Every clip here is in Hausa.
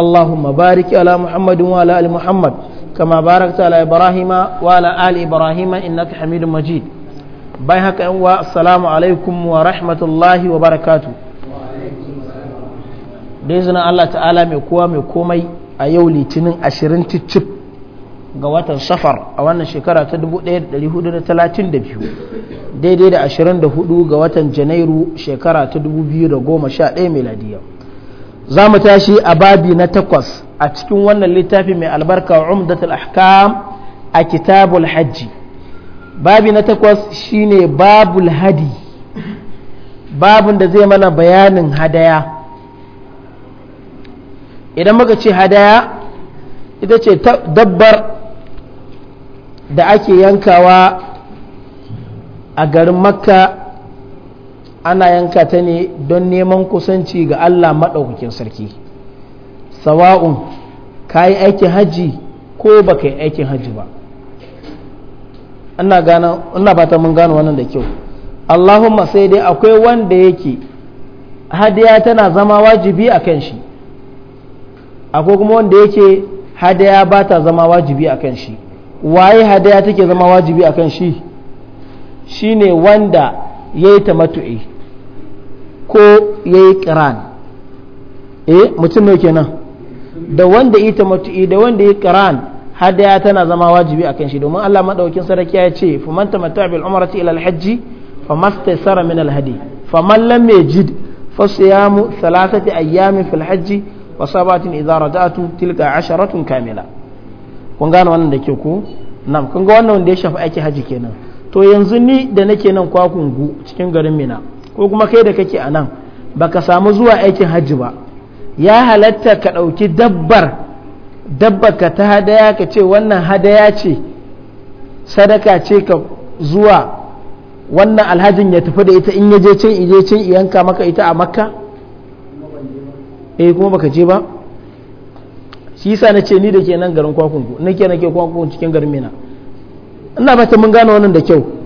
اللهم بارك على محمد وعلى آل محمد كما باركت على إبراهيم وعلى آل إبراهيم إنك حميد مجيد بايهك أنواء السلام عليكم ورحمة الله وبركاته بإذن الله تعالى ميكوا ميكومي أيو لتنين أشرين تتشب ga watan safar a wannan shekara ta 1432 daidai da 24 ga watan janairu shekara ta 2011 miladiyya za mu tashi a babi na takwas a cikin wannan littafi mai albarka umdatul ahkam a kitabul hajji babi na takwas shine babul hadi babin da zai mana bayanin hadaya idan muka ce hadaya ita ce dabbar da ake yankawa a garin makka ana yanka ta ne don neman kusanci ga Allah maɗaukakin sarki sawa'un ka yi aikin hajji ko ba ka yi aikin hajji ba ina ba ta mun gano wannan da kyau Allahumma sai dai akwai wanda yake hadiya tana zama wajibi a kan shi akwai kuma wanda yake hadaya ba ta zama wajibi a kan shi waye hadaya take zama wajibi a kan shi shine wanda ya yi ta matu'i ko ya yi ƙiran eh mutum ne kenan da wanda ita mutu'i da wanda yi ƙiran hadaya tana zama wajibi akan shi domin Allah madaukin sarki ya ce faman tamatta bil umrati ila al-hajji mastasara min al-hadi man lam yajid siyamu thalathati ayyamin fil hajji wa sabatin idza raja'tu tilka asharatun kamila kun gane wannan da ke ku nam kun ga wannan wanda ya shafi aiki haji kenan to yanzu ni da nake nan kwakungu cikin garin Mina ko kuma kai da kake a nan baka samu zuwa aikin hajji ba ya halatta ka ɗauki dabbar dabbar ka ta hadaya ka ce wannan hadaya ce sadaka ce ka zuwa wannan alhajin ya tafi da ita in ya je can ije can yanka maka ita a makka eh kuma baka je ba shi yasa na ce ni da ke nan garin kwakunku nake nake kwakunku cikin garin mina ina ba ta mun gane wannan da kyau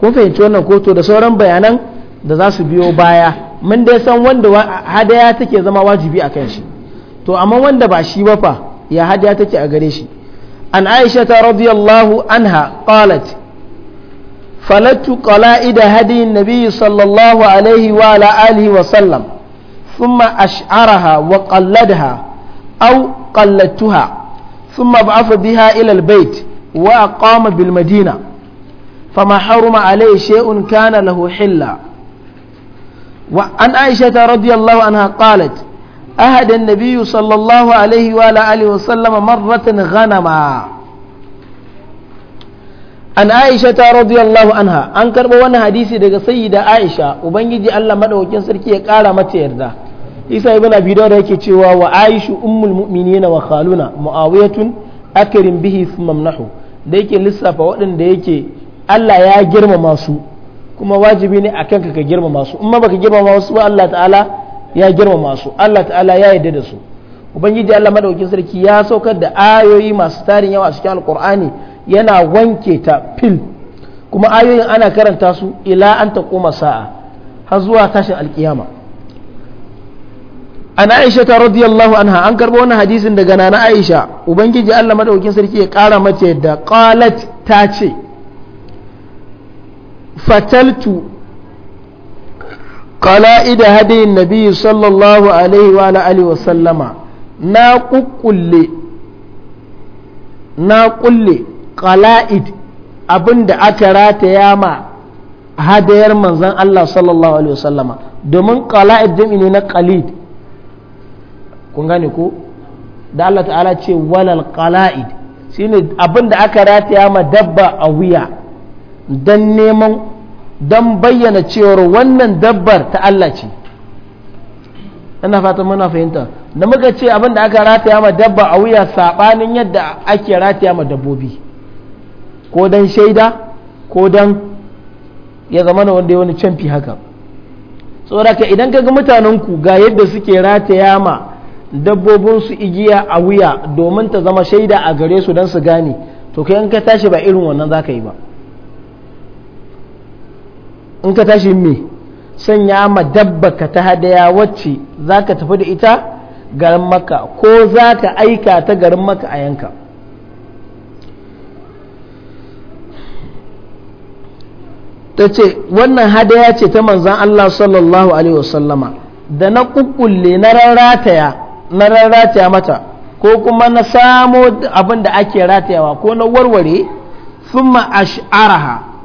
kun fahimci wannan koto da sauran bayanan da za su biyo baya mun dai san wanda hadaya take zama wajibi a kan shi to amma wanda ba shi ba fa ya hadaya take a gare shi an aisha ta radiyallahu anha qalat falatu qala'ida hadi nabi sallallahu alaihi wa ala wa sallam thumma ash'araha wa qalladaha aw qallatuha thumma ba'atha biha ila al wa aqama bil madinah فما حرم عليه شيء كان له حلا وعن عائشة رضي الله عنها قالت أهد النبي صلى الله عليه وعلى آله وسلم مرة غنما an aisha ta radiyallahu anha an karɓo wani hadisi daga sayyida aisha ubangiji allah maɗaukin sarki ya ƙara mata yarda isa ibn abi da yake cewa wa aishu ummul mu'minina wa khaluna muawiyatun akrim bihi thumma da yake lissafa waɗanda yake Allah ya girmama su kuma wajibi ne a kanka ka girmama su in ma baka girmama su ba Allah ta'ala ya girmama su Allah ta'ala ya yarda da su ubangiji Allah madaukakin sarki ya saukar da ayoyi masu tarin yawa a cikin alqur'ani yana wanke ta fil kuma ayoyin ana karanta su ila an ta kuma sa'a har zuwa tashin alkiyama an aisha ta radiyallahu anha an karbo wani hadisin daga nana aisha ubangiji Allah madaukakin sarki ya kara mace da qalat ta ce fataltu qala'id hadayin nabi sallallahu alaihi wa alihi wa sallama na kukkulle na kulle qala'id abinda aka rataya ma hadayar manzon Allah sallallahu alaihi wa sallama domin qala'id jami'i ne na qalid kun gane ko da Allah ta'ala ce walal qala'id shine abin da aka rataya ma dabba a wuya don neman don bayyana cewar wannan dabbar ta Allah ce ina fatan muna fahimta da muka ce abin da aka rataya ma dabba a wuya saɓanin yadda ake rataya ma dabbobi ko don shaida ko don ya zama na wanda ya wani canfi haka tsoraka idan ka ga mutanenku ga yadda suke rataya ma dabbobinsu igiya a wuya domin ta zama shaida a gare su don su gane to kai in ka tashi ba irin wannan za ka yi ba in ka tashi me sanya ma ka ta hadaya wacce za ka tafi da ita garin maka ko za ka aika ta garin maka a yanka ta ce wannan hadaya ce ta manzan Allah sallallahu alaihi wasallama da na kukulle na rarrataya na mata ko kuma na samo abin da ake ratayawa ko na warware thumma araha.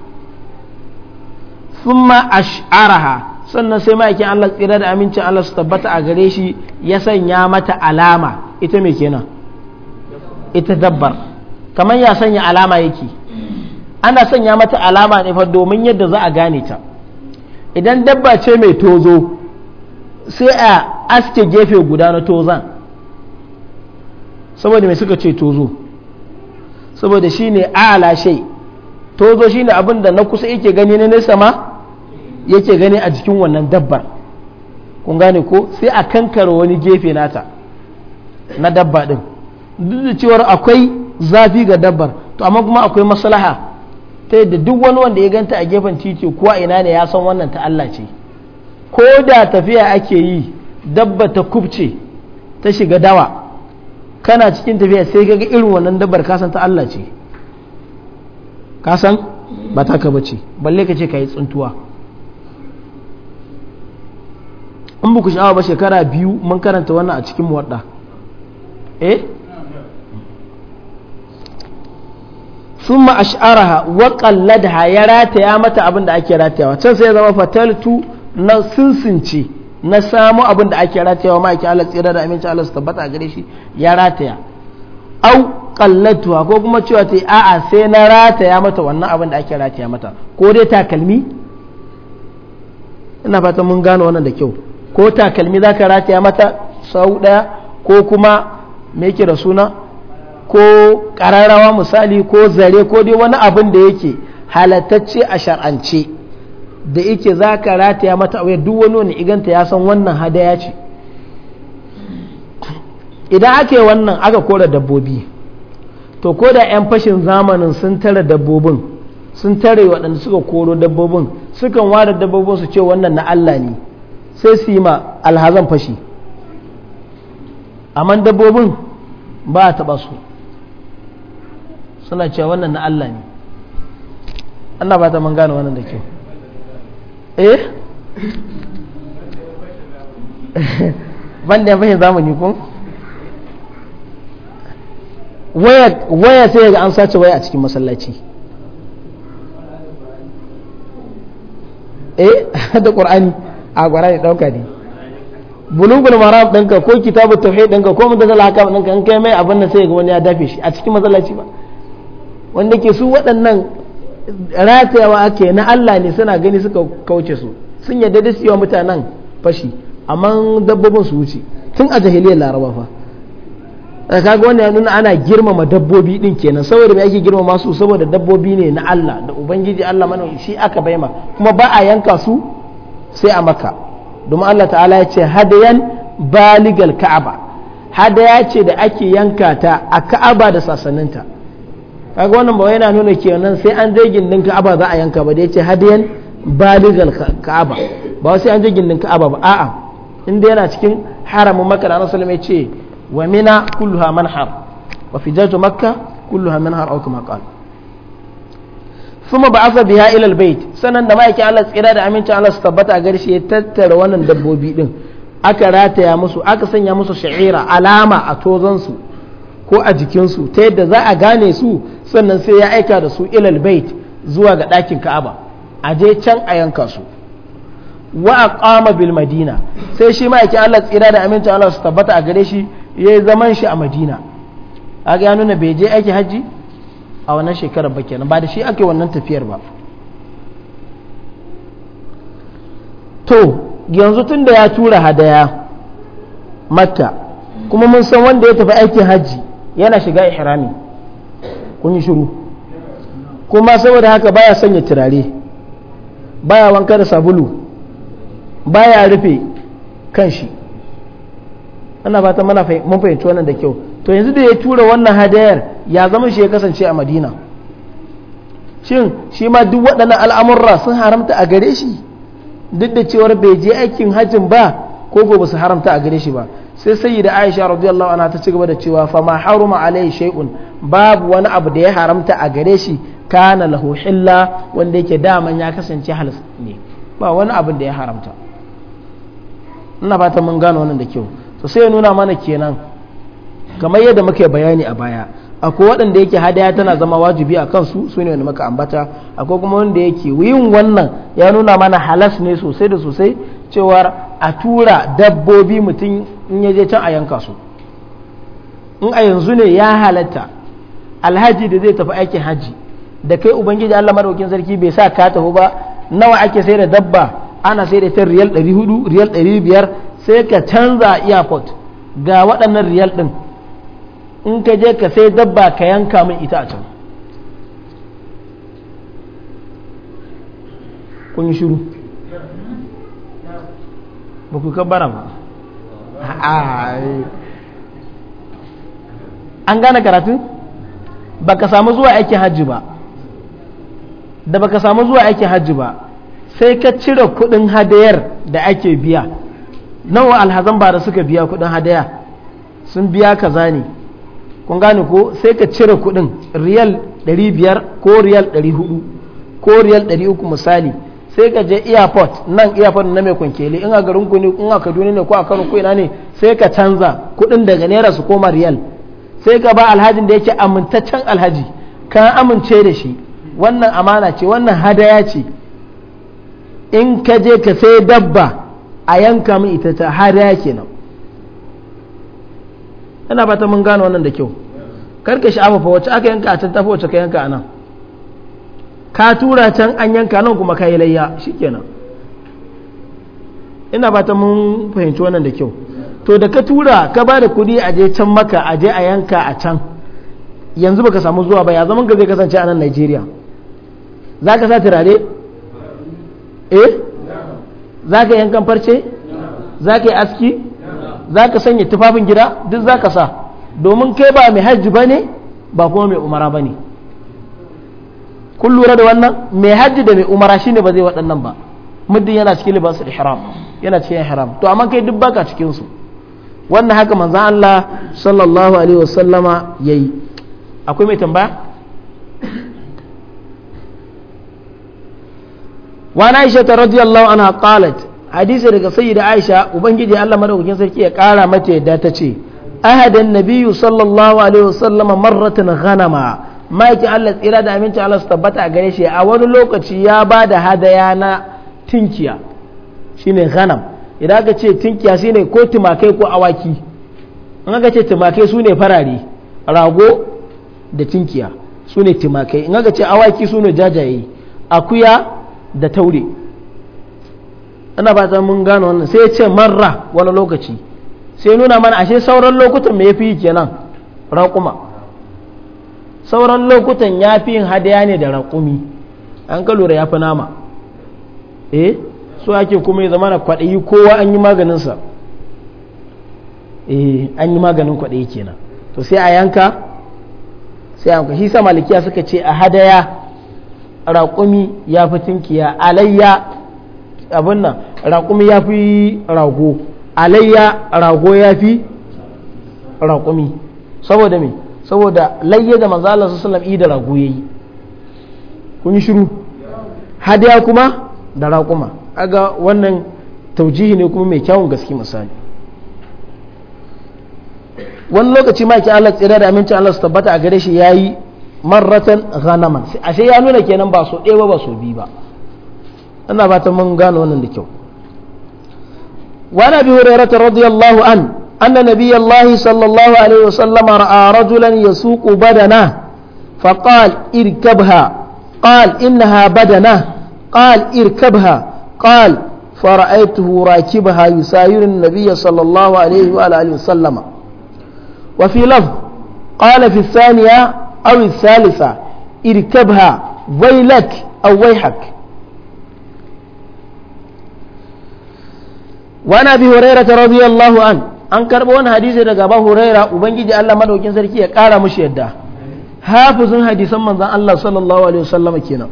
thumma ash'araha sannan sai ma'aikin Allah tsira da amincin Allah su tabbata a gare shi ya sanya mata alama ita me kenan ita dabbar kamar ya sanya alama yake ana sanya mata alama ne fa domin yadda za a gane ta idan dabba ce mai tozo sai a aske gefe guda na tozan saboda mai suka ce tozo saboda shi ne shai tozo shi ne abin da na kusa yake gani na nesa ma yake gani a jikin wannan dabbar kun gane ko sai a kankara wani gefe nata na dabba din duk da cewar akwai zafi ga dabbar to amma kuma akwai maslaha ta yadda duk wani wanda ya ganta a gefen titi ko a ina ne ya san wannan ta Allah ce ko da tafiya ake yi dabba ta kubce ta shiga dawa kana cikin tafiya sai ga irin wannan dabbar kasan ta Allah ce kasan ba ta ka bace balle ka ce ka yi tsuntuwa in buku sha'awa ba shekara biyu mun karanta wannan a cikin muwadda eh ha ash'araha wa qalladaha ya rataya mata abin da ake ratayawa can sai ya zama fataltu na sinsince na samu abin da ake ratayawa ma ake Allah tsira da aminci Allah su tabbata gare shi ya rataya au qallatuha ko kuma cewa ta a'a sai na rataya mata wannan abin da ake rataya mata ko dai takalmi ina fata mun gano wannan da kyau ko takalmi za ka rataya mata sau ɗaya ko kuma me yake da suna ko ƙararrawa misali ko zare ko dai wani abin da yake halattacce a shar'ance da yake za ka rataya mata a duk wani wani iganta ya san wannan hadaya ce idan ake wannan aka kora dabbobi to ko da 'yan fashin zamanin sun tara dabbobin sun tare waɗanda suka koro dabbobin sukan ware dabbobin su ce wannan na Allah ne sai su yi ma alhazan fashi amma dabbobin ba a taɓa su suna cewa wannan na Allah ne Allah ba ta man gane wannan da kyau eh ban da fashin zamani kun waya sai ga an sace waya a cikin masallaci eh da ƙur'ani a gwara ya dauka ne bulugul maram ɗinka ko kitabu tauhid ɗinka ko mutazal haka ɗinka in kai mai abin da sai ga wani ya dafe shi a cikin matsalaci ba wanda ke su waɗannan ratayawa ake na Allah ne suna gani suka kauce su sun yadda da su yi mutanen fashi amma dabbobin su wuce tun a jahiliyar laraba fa kaga wannan ya nuna ana girmama dabbobi din kenan saboda me ake girmama su saboda dabbobi ne na Allah da ubangiji Allah mana shi aka baima kuma ba a yanka su sai a maka domin Allah ta'ala ya ce hadayan baligal ka'aba hadaya ce da ake yanka ta a ka'aba da sasaninta kaga wannan ba yana nuna ke nan sai an je gindin ka'aba za a yanka ba da yace hadayan baligal ka'aba ba sai an je gindin ka'aba ba a'a inda yana cikin haramun makka da Annabi ce wa mina kulluha manhar wa fijatu makka kulluha manhar aw kama qala suma ba asa biha ilal bait sanan da ma'aikin Allah tsira da amincin Allah su tabbata a garshi ya tattara wannan dabbobi din aka rataya musu aka sanya musu sha'ira alama a tozansu su ko a jikin su ta yadda za a gane su sannan sai ya aika da su ilal bait zuwa ga ɗakin Ka'aba a je can a yanka su wa kama bil madina sai shi ma'aikin Allah tsira da amincin Allah su tabbata a gare shi yayi zaman shi a Madina kaga ya nuna bai je aiki hajji. a wannan shekarar ba kenan ba da shi ake wannan tafiyar ba to yanzu tun da ya tura hadaya mata kuma mun san wanda ya tafi aikin hajji yana shiga ihrami kun yi shiru kuma saboda haka baya sanya turare baya wanka da sabulu baya rufe kanshi ana fata mun fahimci wannan da kyau to yanzu da ya tura wannan hadayar ya zama shi ya kasance a madina shin shi ma duk waɗannan al'amurra sun haramta a gare shi duk da cewar bai je aikin hajjin ba ko ba su haramta a gare shi ba sai sai da aisha radiyallahu anha ta ci gaba da cewa fa ma haruma alai shay'un babu wani abu da ya haramta a gare shi kana lahu hilla wanda yake daman ya kasance halis ne ba wani abu da ya haramta ina fata mun gano wannan da kyau to sai ya nuna mana kenan kamar yadda muke bayani a baya akwai waɗanda yake hadaya tana zama wajibi a kansu su ne wanda muka ambata akwai kuma wanda yake yin wannan ya nuna mana halas ne sosai da sosai cewa a tura dabbobi mutum in ya je can a yanka su in a yanzu ne ya halatta alhaji da zai tafi aikin haji da kai ubangiji Allah maraukin sarki bai sa ka tafi ba nawa ake sai da dabba ana sai da ta riyal 400 riyal 500 sai ka canza airport ga waɗannan riyal ɗin in ka je ka sai dabba ka yanka min ita a can kun yi shiru ba ku kabbara ba an gane karatu ba ka samu zuwa aikin hajji ba da ba ka samu zuwa aikin hajji ba sai ka cire kudin hadayar da ake biya nawa alhazan ba da suka biya kudin hadaya sun biya kaza ne kun gane ko sai ka cire kuɗin riyal 500 ko riyal 400 ko riyal 300 misali sai ka je airport nan airport na mai kwankele in a garin ku ne in a kaduna ne ko a kano ko ina ne sai ka canza kuɗin daga naira su koma riyal sai ka ba alhajin da yake amintaccen alhaji ka amince da shi wannan amana ce wannan hadaya ce in ka je ka sai dabba a yanka min ita ta hadaya kenan ina ba ta mun gane wannan da kyau karka sha'afa fa wacce aka yanka a can tafi wacce ka yanka a nan ka tura can an yanka nan kuma ka yi layya shikenan ina ba mun fahimci wannan da kyau to da ka tura ka ba da kuɗi a je can maka a je a yanka a can yanzu baka samu zuwa ba ya zaman ka zai kasance a nan Najeriya za ka sa turare eh za ka yankan farce za ka yi aski za ka sanya tufafin gida duk za ka sa domin kai ba mai hajji ba ne ba kuma mai umara ba ne kun lura da wannan mai hajji da mai umara shi ne ba zai waɗannan ba muddin yana cikin libasul ihram yana cikin ihram to amma kai duk baka cikin su wannan haka manza Allah sallallahu alaihi wasallama yayi akwai mai tambaya وعن عائشة رضي الله عنها قالت حديث daga sayyida Aisha ubangiji Allah madaukakin sarki ya kara mata da ta ce أهد النبي صلى sallallahu alaihi وسلم مرة غنما ما yake Allah tsira da aminci Allah su tabbata a gare shi a wani lokaci ya ba da hadaya na tinkiya shine ghanam idan aka ce tinkiya shine ko tumakai ko awaki in ka ce tumakai su ne farare rago da tinkiya su ne tumakai in ka ce awaki su ne jajaye akuya da taure ana ba mun gano wannan sai ya ce marra wani lokaci sai nuna mana ashe sauran lokutan me yafi kenan raƙuma sauran lokutan ya fi yin hadaya ne da raƙumi an ka lura ya fi nama eh so ake kuma ya zama na kwaɗayi kowa an yi maganinsa eh an yi maganin kwaɗayi kenan to sai a yanka sai yanka shi sa malikiya suka ce a hadaya raƙumi ya fi tunkiya alayya abin nan raƙumi ya fi rago alayya rago ya fi raƙumi saboda me saboda layya da manzo Allah sallallahu alaihi da rago yayi kun shiru hadiya kuma da raƙuma aga wannan taujihi ne kuma mai kyawun gaske misali wani lokaci ma ke Allah tsira da amincin Allah su tabbata a gare shi yayi marratan ghanaman ashe ya nuna kenan ba so ɗaya ba so biyu ba ana fatan mun gano wannan da kyau وعن أبي هريرة رضي الله عنه أن نبي الله صلى الله عليه وسلم رأى رجلا يسوق بدنه فقال اركبها قال إنها بدنه قال اركبها قال فرأيته راكبها يساير النبي صلى الله عليه وآله وسلم وفي لفظ قال في الثانية أو الثالثة اركبها ويلك أو ويحك وانا ابي huraira ta الله an an كربو wani hadisi daga ba huraira ubangiji allah madaukin sarki ya kara mushi yadda hafizun hadisan manzan allah sallallahu alaihi wasallama kenan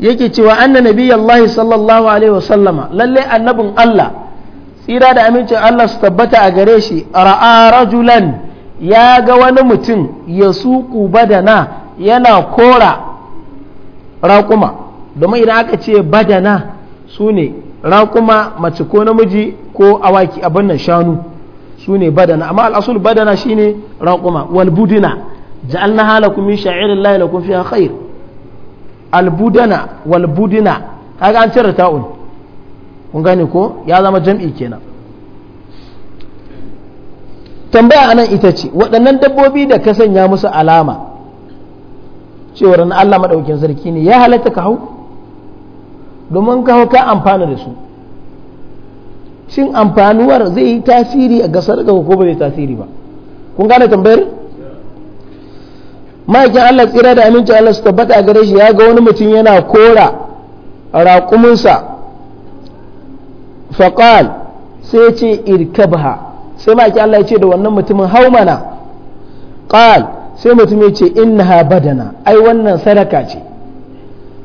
yake cewa anna nabiyallahi sallallahu alaihi wasallama lalle annabin allah tsira da amincin allah su tabbata a gare shi ra'a rajulan ya ga wani mutum ya suku badana yana kora raƙuma domin idan aka ce badana su ne rakuma mace ko namiji ko awaki abin nan shanu su ne badana amma al'asul badana shine raƙuma wal budina na halakum min layi lakum fiha khair al budana kaga an cire ta'un kun gane ko ya zama jam'i kenan tambaya anan ita ce waɗannan dabbobi da ka sanya musu alama cewar na Allah maɗaukin sarki ne ya halatta ka hau domin kawo ka amfana da su cin amfanuwar zai yi tasiri a gasar ga ko bai zai tasiri ba kun gane tambayar ma'aikin Allah tsira da aminci Allah su tabbata a gare shi ya ga wani mutum yana kora raƙuminsa faƙal sai ya ce irkabha sai ma'aikin Allah ya ce da wannan mutumin hau mana ƙal sai mutum ya ce innaha badana ai wannan sadaka ce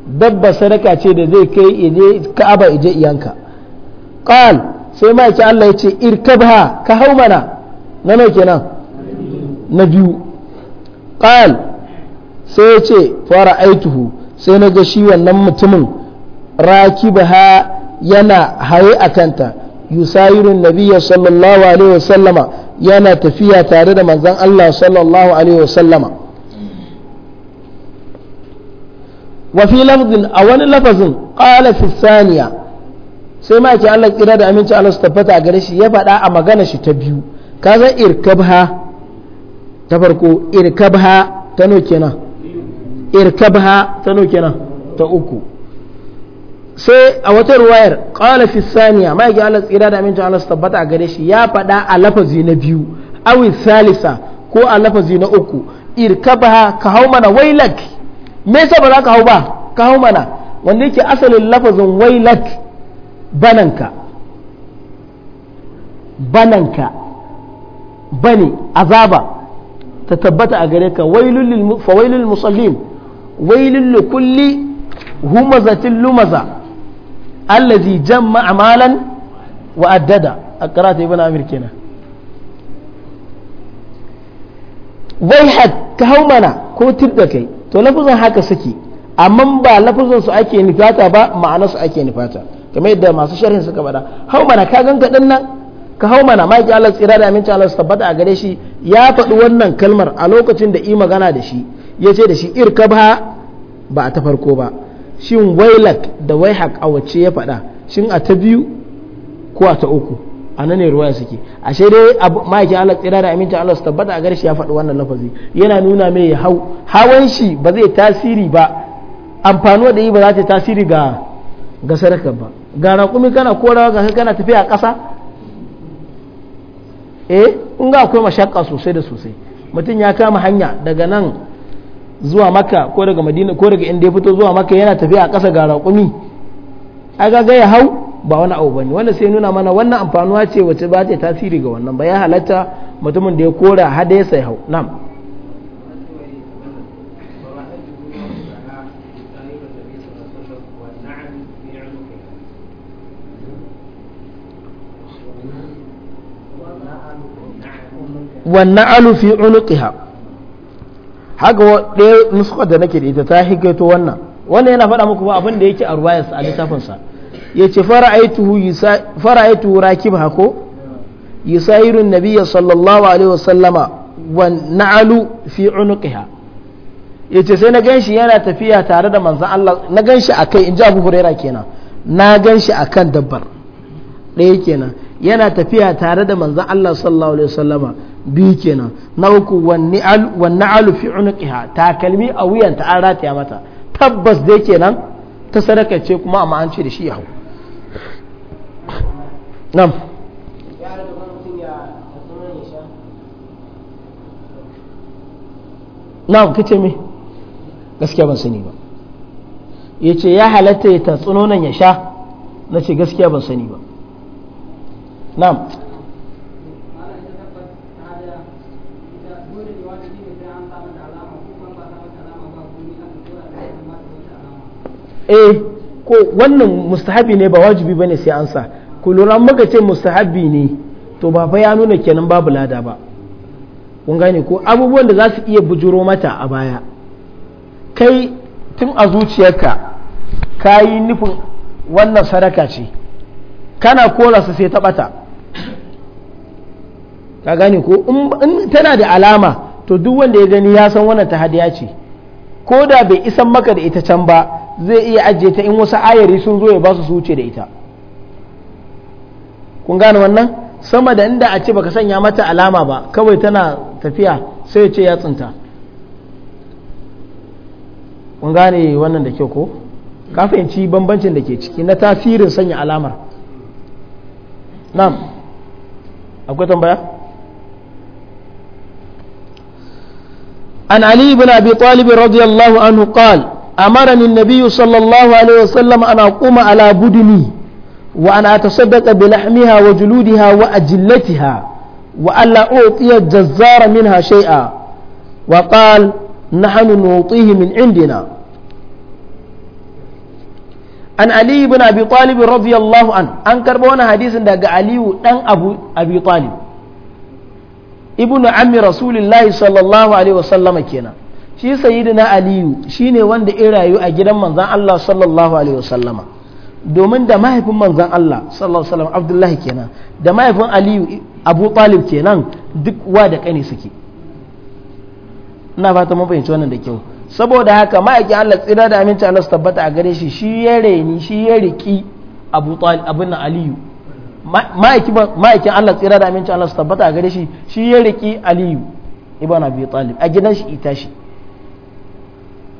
dabba sadaka ce da zai kai ije ka'aba ije iyanka qal sai ma ce Allah ya ce irkabha ka hau mana na nawa kenan na biyu qal sai ya ce fara aituhu sai na ga shi wannan mutumin rakibaha yana haye akanta kanta yusayirun nabiyya sallallahu alaihi wasallama yana tafiya tare da manzon Allah sallallahu alaihi wasallama wa fi a wani lafazin qala fi saniya sai ma yake Allah kira da aminci Allah su tabbata a gare shi ya faɗa a magana shi ta biyu ka san irkabha ta farko irkabha ta no kenan irkabha ta no kenan ta uku sai a wata ruwayar qala fi saniya ma yake Allah kira da aminci Allah su tabbata a gare shi ya faɗa a lafazi na biyu awi salisa ko a lafazi na uku irkabha ka hau mana wailak me yasa ba za ka hau ba ka hau mana wanda yake asalin lafazin wailak bananka bananka bane azaba ta tabbata a gare ka fawailul musallin wailul likulli humazatin lumaza allazi jamma amalan wa addada a karata ibn amir kenan wai ka hau mana ko tir da kai to lafazin haka suke amma ba lafazin su ake nufata ba ma'ana su ake nufata kamar yadda masu sharhin suka bada hau mana ka ganka din nan ka hau mana ma ki Allah tsira da aminci Allah tabbata a gare shi ya faɗi wannan kalmar a lokacin da i magana da shi ya ce da shi irkabha ba a ta farko ba shin wailak da waihak a wacce ya faɗa shin a ta biyu ko a ta uku a nan ne ruwaya suke ashe dai ma'aikin Allah tsira da aminta Allah su tabbata a shi ya faɗi wannan lafazi yana nuna mai ya hau hawan shi ba zai tasiri ba amfanuwa da yi ba za ta tasiri ga ga sadakar ba ga raƙumi kana korawa ga kana tafiya a ƙasa eh in ga akwai mashaka sosai da sosai mutum ya kama hanya daga nan zuwa maka ko daga madina ko daga inda ya fito zuwa maka yana tafiya a ƙasa ga raƙumi a ga ya hau ba wani abu bane wanda sai nuna mana wannan amfanuwa ce wacce ba ta tasiri ga wannan ba ya halatta mutumin da ya kora hada ya sai hau na'am wannan alu fi unuqiha haka ɗaya nuskar da nake da ita ta higaito wannan wannan yana faɗa muku ba abin da yake a ruwayarsa a littafinsa ya ce fara'aituhu rakib hako yusayirun nabiya sallallahu alaihi wasallama wa na'alu fi unuqiha ya ce sai na ganshi yana tafiya tare da manzan Allah na ganshi a kai in ji abu huraira kenan na ganshi a kan dabbar ɗaya kenan yana tafiya tare da manzan Allah sallallahu alaihi wasallama biyu kenan na uku wa na'alu fi unuqiha takalmi a wuyanta an rataya mata tabbas dai kenan ta sadaka ce kuma amma an ce da shi ya hau nam nam kace me gaskiya ban sani ba ya ce ya halatta ya tatsuno nan ya sha na ce gaskiya ban sani ba nam eh ko wannan mustahabi ne ba wajibi ba ne sai an sa Kullum an muka ce mustahabbi ne to ba fa ya nuna kenan babu lada ba kun gane ko abubuwan da za su iya bujuro mata a baya kai tun a zuciyarka ka yi nufin wannan sadaka ce kana su sai ta ka gane ko in tana da alama to duk wanda ya gani ya san wannan ta hadiya ce ko da bai isan maka da ita can ba zai iya ajiye ta in wasu ayari sun zo ya ba su su wuce da ita kun gane wannan sama da inda a ce baka sanya mata alama ba kawai tana tafiya sai ya ce ya tsinta kun gane wannan da kyau ko ka fahimci bambancin da ke ciki na tasirin sanya alamar nan akwai tambaya an ali ibn abi talib radiyallahu anhu qal amarani an-nabiy sallallahu alaihi wasallam an aquma ala budni وأن أتصدق بلحمها وجلودها وأجلتها وألا أعطي الجزار منها شيئا وقال نحن نعطيه من عندنا an ali ibn abi talib radiyallahu an an karbo wani hadisin daga aliyu dan abu abi talib ibnu ammi rasulillahi sallallahu alaihi wasallama kenan shi sayyidina aliyu shine wanda ya rayu a gidan manzon Allah sallallahu alaihi wasallama domin da mahaifin manzan Allah sallallahu alaihi Abdullahi kenan da mahaifin Aliyu Abu Talib kenan duk wa da kane suke ina fata mun fahimci wannan da kyau saboda haka ma'aikin Allah tsira da aminci Allah su tabbata a gare shi shi ya reni shi ya riki Abu Talib abin Aliyu ma'aikin Allah tsira da aminci Allah su tabbata a gare shi shi ya riki Aliyu ibn Abi Talib a gidan shi ita shi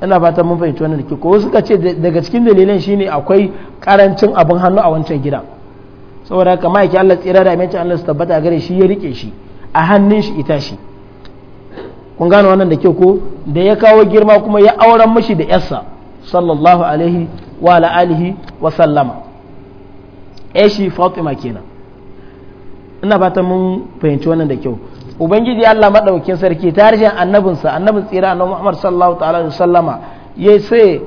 ina fatan mun fahimci wannan dake ko suka ce daga cikin dalilan shine akwai karancin abin hannu a wancan gida saboda haka ma'aiki Allah tsira da aminci Allah su tabbata gare shi ya rike shi a hannun shi ita shi kun gano wannan da kyau ko da ya kawo girma kuma ya auren mashi da yarsa sallallahu alaihi wa ala alihi wa sallama shi fatima kenan ina fatan mun fahimci wannan da kyau ubangiji Allah maɗaukin sarki ta harshen annabinsa annabin tsira na Muhammad sallallahu ta'ala da sallama ya sai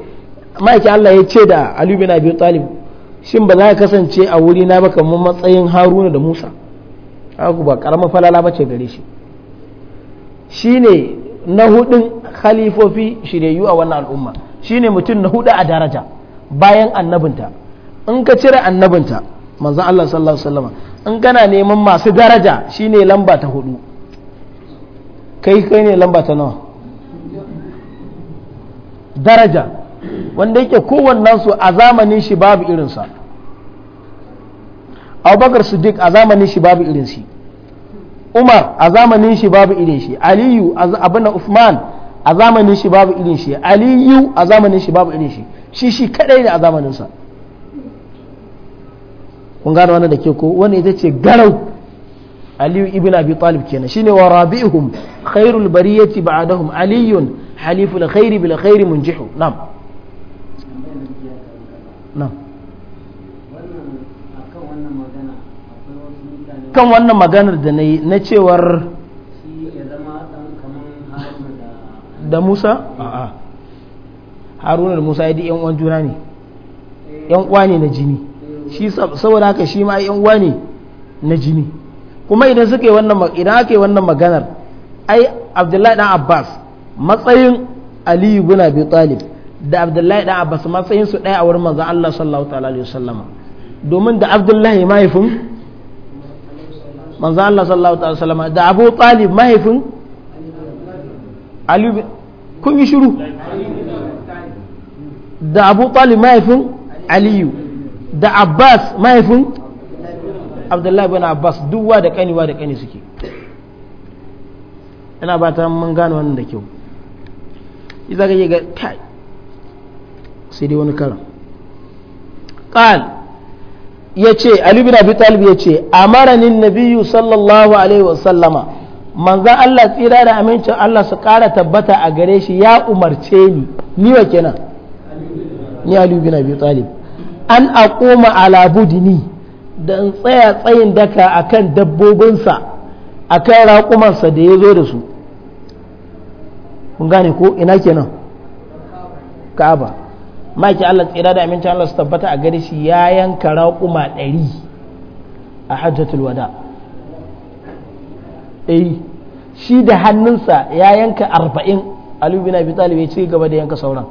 maiki Allah ya ce da Ali bin Abi Talib shin ba za ka kasance a wuri na ba kamar matsayin Haruna da Musa haka ba karamar falala ba ce gare shi shine na hudun khalifofi shiryayyu a wannan al'umma shine mutum na hudu a daraja bayan annabinta in ka cire annabinta manzon Allah sallallahu alaihi wasallama in kana neman masu daraja shine lamba ta hudu kai kai ne lamba ta nawa daraja wanda yake su a zamanin shi babu irinsa abubakar siddiq a zamanin shi babu irin shi umar a zamanin shi babu irin shi aliyu abin usman a zamanin shi babu irin shi aliyu a zamanin shi babu irin shi shi shi kadai ne a zamaninsa kun gane wannan da ke ko wani ita ce garau aliyu ibn abi talib kenan shine wa rabi'uhum khairul bariyati ba'dahum aliyun halifu khairi bil khairi munjihu nam nam kan wannan maganar da na yi na cewar da musa a'a haruna da musa ya yan uwan juna ne yan uwa ne na jini shi saboda haka shi ma yan uwa ne na jini kuma idan suke wannan idan aka wannan maganar ai abdullahi dan abbas matsayin aliyu bin abi talib da abdullahi dan abbas matsayin su daya a wurin manzon allah sallallahu ta'ala alaihi wasallama domin da abdullahi mahaifin manzon allah sallallahu ta'ala wasallama da abu talib mahaifin aliyu kun yi shiru da abu talib mahaifin aliyu da abbas mahaifin abdullahi bin abbas duwa da kaniwa da kani suke ina ba ta mun gane wannan da kyau iza ga ga kai sai dai wani karan qal yace ali bin abi talib yace amarani nabiyyu sallallahu alaihi wasallama manzan Allah tsira da amincin Allah su kara tabbata a gare shi ya umarce ni ni wa kenan ni ali bin abi talib an aquma ala budni da in tsaya tsayin daka akan dabbobinsa akan raƙumansa da ya zo da su kun gane ko ina kenan ka'aba maki Allah tsira da amincin Allah su tabbata a gari shi ya yanka raƙuma ɗari a hajjatul wada eh shi da hannunsa ya yanka arba'in alubina bin bai ya ci gaba da yanka sauran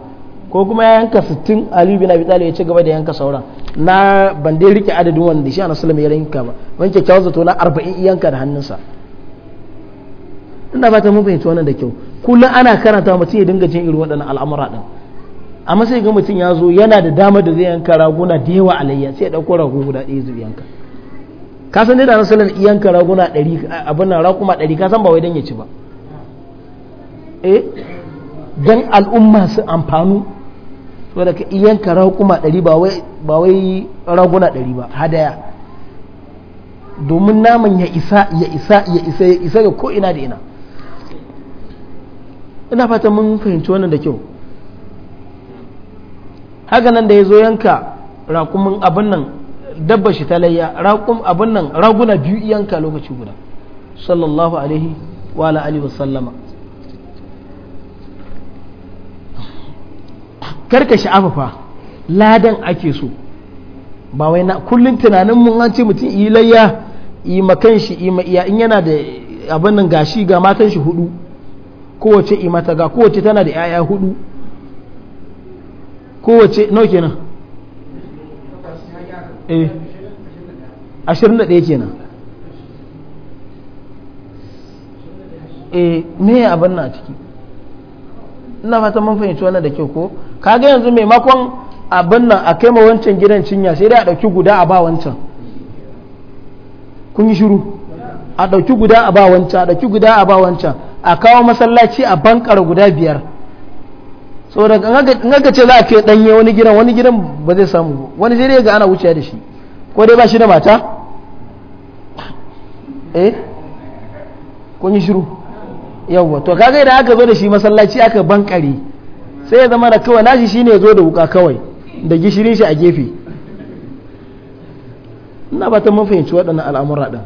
ko kuma ya yanka 60 aliyu bin abi talib ya ci gaba da yanka sauran na ban dai rike adadin wanda shi annabi sallallahu alaihi wasallam ya yanka ba wanke kyawun zato na 40 yanka da hannunsa ina fata mun fahimci wannan da kyau kullum ana karanta mutum ya dinga jin irin waɗannan al'amura din amma sai ga mutum ya zo yana da dama da zai yanka raguna da yawa alayya sai ya dauko rago guda ɗaya zai yanka ka san dai da rasulun yanka raguna 100 abin nan raguna 100 ka san ba wai dan ya ci ba eh dan al'umma su amfanu so da ka iyanka raƙuma ɗari ba wai raguna ɗari ba hadaya domin naman ya isa ya isa ya isa ya isa ga ko ina da ina ina fata mun fahimci wannan da kyau haka nan da ya zo yanka raƙumin abin nan dabba shi ta layya rakum abin nan raguna biyu yanka lokaci guda sallallahu alaihi wa alihi wa sallama karka sha'afa fa ladan ake so ba wai na kullun tunanin mun an ce mutum yi layya yi makan shi yi iya in yana da abin nan gashi ga matan shi hudu kowace yi mata ga kowace tana da yaya hudu kowace nawa kenan eh 21 kenan eh me abin na ciki ina fata mun fahimci wannan da kyau ko kaga yanzu maimakon abin nan a kai ma wancan gidan cinya sai dai a ɗauki guda a ba wancan kun yi shiru a ɗauki guda a ba wancan a ɗauki guda a ba wancan a kawo masallaci a bankar guda biyar saboda in aka ce za a kai ɗanye wani gidan wani gidan ba zai samu wani sai dai ga ana wuce da shi ko dai ba shi da mata eh kun yi shiru yawwa to kaga idan aka zo da shi masallaci aka bankare sai ya zama da kawai nashi shi ya zo da wuka kawai da gishirin shi a gefe ina ba ta mafahimci waɗannan al'amura ɗin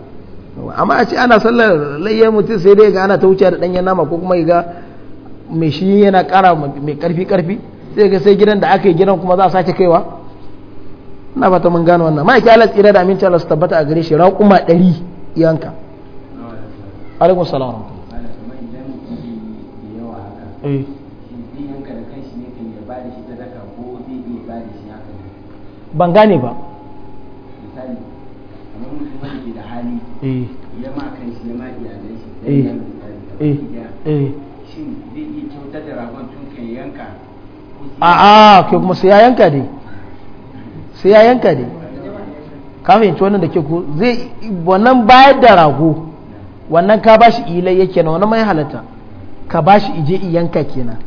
amma a ce ana sallar layyar mutum sai dai ga ana ta wuce da ɗanyen nama ko kuma ga mai shi yana ƙara mai ƙarfi ƙarfi sai ga sai gidan da aka yi gidan kuma za a sake kaiwa ina ba ta mun gano wannan ma'aiki ala tsira da amince ala su tabbata a gare shi raƙuma ɗari yanka alaikum salam ban gane ba a'a ke kuma sai ya yanka dai sai ya yanka dai ka fahimci wannan da ke ku zai wannan bayar da rago wannan ka bashi ilai yake na wannan mai halatta ka bashi ije iyanka kenan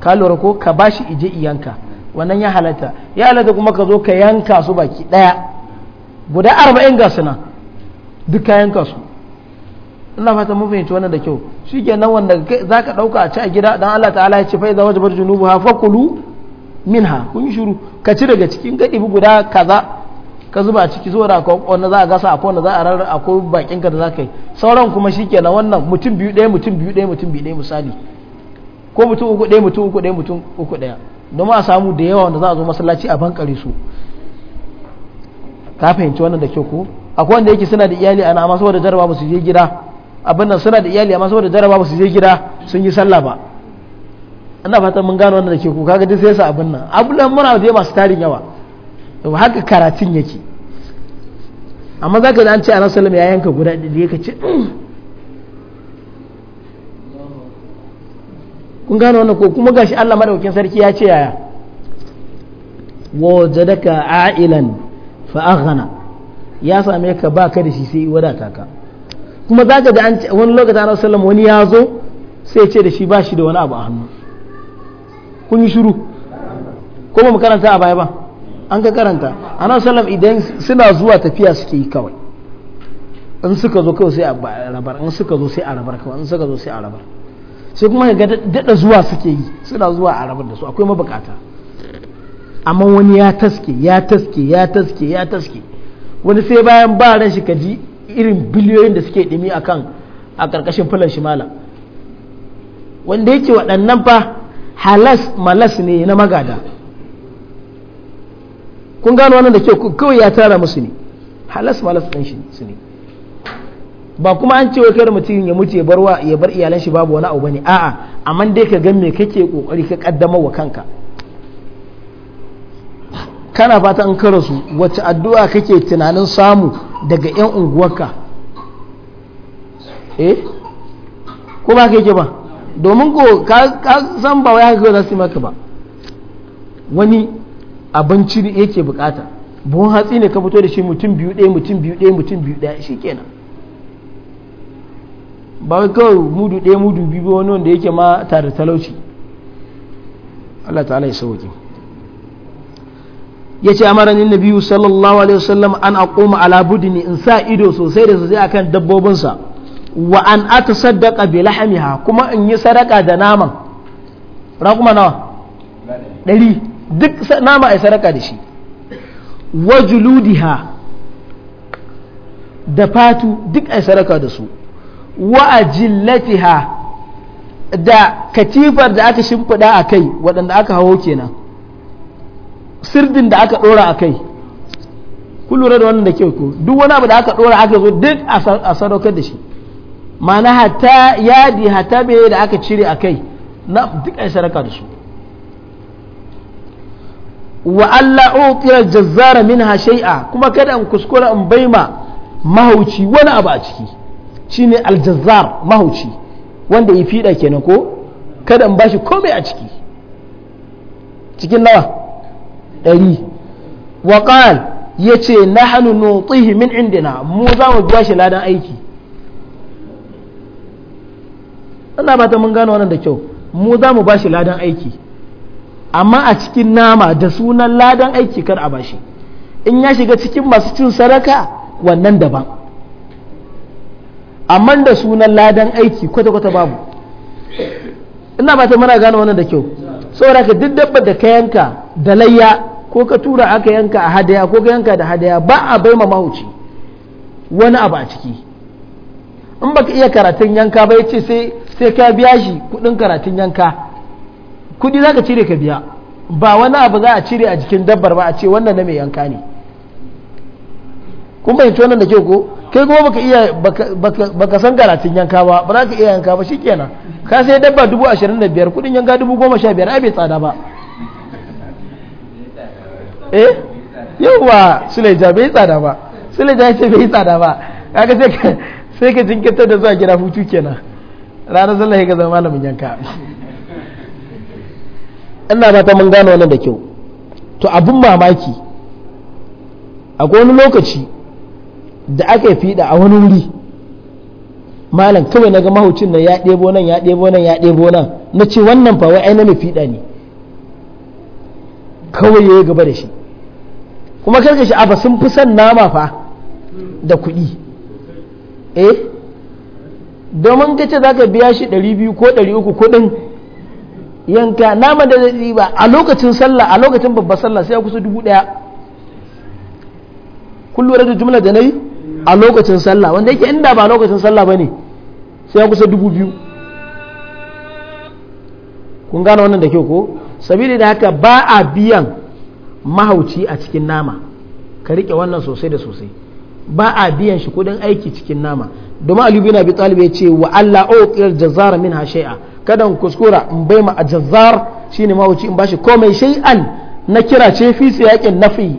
ka lura ko ka bashi ije iyanka wannan ya halatta ya halatta kuma ka zo ka yanka su baki daya guda arba'in ga suna duk ka yanka su ina fata mun fahimci wannan da kyau shi ke nan wanda za ka ɗauka a ci a gida dan Allah ta'ala ya ce fa'iza wajabar junubu ha fakulu minha kun yi shiru ka ci daga cikin gadi bi guda kaza ka zuba a ciki saboda akwai wanda za a gasa akwai wanda za a rarra akwai bakin ka da za ka yi sauran kuma shi ke nan wannan mutum biyu ɗaya mutum biyu ɗaya mutum biyu ɗaya misali ko mutum uku ɗaya mutum uku ɗaya mutum uku ɗaya don a samu da yawa wanda za a zo masallaci a bankare su ka fahimci wannan da kyau ko akwai wanda yake suna da iyali ana amma saboda jaraba ba su je gida abin nan suna da iyali amma saboda jaraba ba su je gida sun yi sallah ba ina fatan mun gano wannan da ke ku kaga duk sai su abin nan abulan muna da masu tarin yawa to haka karatun yake amma zaka ji an ce annabi sallallahu alaihi wasallam ya yanka guda da yake ce mm. kun gane wannan ko kuma gashi Allah madaukakin sarki ya ce yaya wajadaka a'ilan fa aghna ya same ka ba ka da shi sai wadata ka kuma za ka ga wani lokacin Annabi sallam wani ya zo sai ya ce da shi ba shi da wani abu a hannu kun yi shiru ko ba mu karanta a baya ba an ka karanta Annabi sallam idan suna zuwa tafiya suke yi kawai in suka zo kawai sai a rabar in suka zo sai a rabar kawai in suka zo sai a rabar sai kuma ga daɗa zuwa suke yi suna zuwa a rabar da su akwai mabukata amma wani ya taske ya taske ya taske ya taske wani sai bayan ba ran shi kaji irin biliyoyin da suke ɗimi a kan a ƙarƙashin filan shimala wanda yake waɗannan fa halas malas ne na magada kun gano wannan da kyau kawai ya tara musu ne halas malas ɗin shi ne ba kuma an ce kai mutum ya mutu ya bar wa ya bar iyalan shi babu wani abu bane a'a amma dai ka ga me kake kokari ka kaddamar wa kanka kana fata an kara su wace addu'a kake tunanin samu daga yan unguwarka eh ko ba kake ba domin ko ka san ba wai haka za maka ba wani abinci yake bukata buhun hatsi ne ka fito da shi mutum biyu ɗaya mutum biyu ɗaya mutum biyu ɗaya shikenan ba wai kawai mudu ɗaya mudu biyu wani wanda yake ma tare talauci Allah ta'ala ya sauƙi ya ce amarani na biyu sallallahu alaihi wasallam an aquma ala budini in sa ido sosai da sosai akan dabbobinsa wa an ata saddaka bi lahamiha kuma in yi sadaka da naman raƙuma nawa ɗari duk nama yi sadaka da shi wa juludiha da fatu duk a yi sadaka da su wa ajillatiha da katifar da aka shimfiɗa a kai waɗanda aka hawo kenan sirdin da aka ɗora a kai kun da wannan da ke ko duk wani abu da aka ɗora aka zo duk a sadaukar da shi mana hatta yadi hatta da aka cire a kai na duk ai sadaka da su wa Allah utira jazzara minha shay'a kuma kada in kuskura in baima mahauci wani abu a ciki shi ne aljazzar mahauci wanda ya fiɗa kenan ko kada in bashi komai a ciki cikin nawa ɗari waƙal ya ce na hannu nutsihi min indina mu za mu biya shi ladan aiki ina ba mun gano wannan da kyau mu za mu bashi ladan aiki amma a cikin nama da sunan ladan aiki kar a bashi in ya shiga cikin masu cin sadaka wannan daban amma da sunan ladan aiki kwata-kwata babu ina ba ta mana gano wannan da kyau saboda ka duk dabbar da ka yanka da layya ko ka tura aka yanka a hadaya ko ka yanka da hadaya ba a ma mahauci wani abu a ciki in baka iya karatun yanka ba yace sai sai ka biya shi kudin karatun yanka kudi zaka cire ka biya ba wani abu za a cire a jikin dabbar ba a ce wannan na mai yanka ne kun bayyance wannan da kyau ko kai kuma baka iya baka san karatun yanka ba ba za ka iya yanka ba kenan ka sai dabba dubu ashirin da biyar kudin yanka dubu goma sha biyar ai bai tsada ba eh yawa suleja bai tsada ba suleja ya ce bai tsada ba kaga sai ka sai ka jinkirtar da zuwa gida hutu kenan ranar sallah ka zama malamin yanka ina ba ta mun gano wannan da kyau to abun mamaki akwai wani lokaci da aka fiɗa a wani wuri malam kawai na ga mahaucin nan ya ɗebo nan ya ɗebo nan ya ɗebo nan na ce wannan fa wai ai na mai fiɗa ne kawai ya yi gaba da shi kuma karka shi afa sun fi son nama fa da kuɗi eh domin ka ce za ka biya shi 200 ko 300 kuɗin yanka nama da zai ba a lokacin sallah a lokacin babbar sallah sai ya kusa dubu ɗaya kullum da jumla da na yi a lokacin sallah wanda yake inda ba lokacin sallah ba ne sai ya kusa dubu biyu kun gane wannan da kyau ko sabili da haka ba a biyan mahauci a cikin nama ka rike wannan sosai da sosai ba a biyan shi kudin aiki cikin nama domin alibi na bi talibi ya ce wa Allah kiyar jazar min shay'a kada in kuskura in bai ma a jazar shine mawuci in bashi komai shai'an na kira ce fi siyakin nafi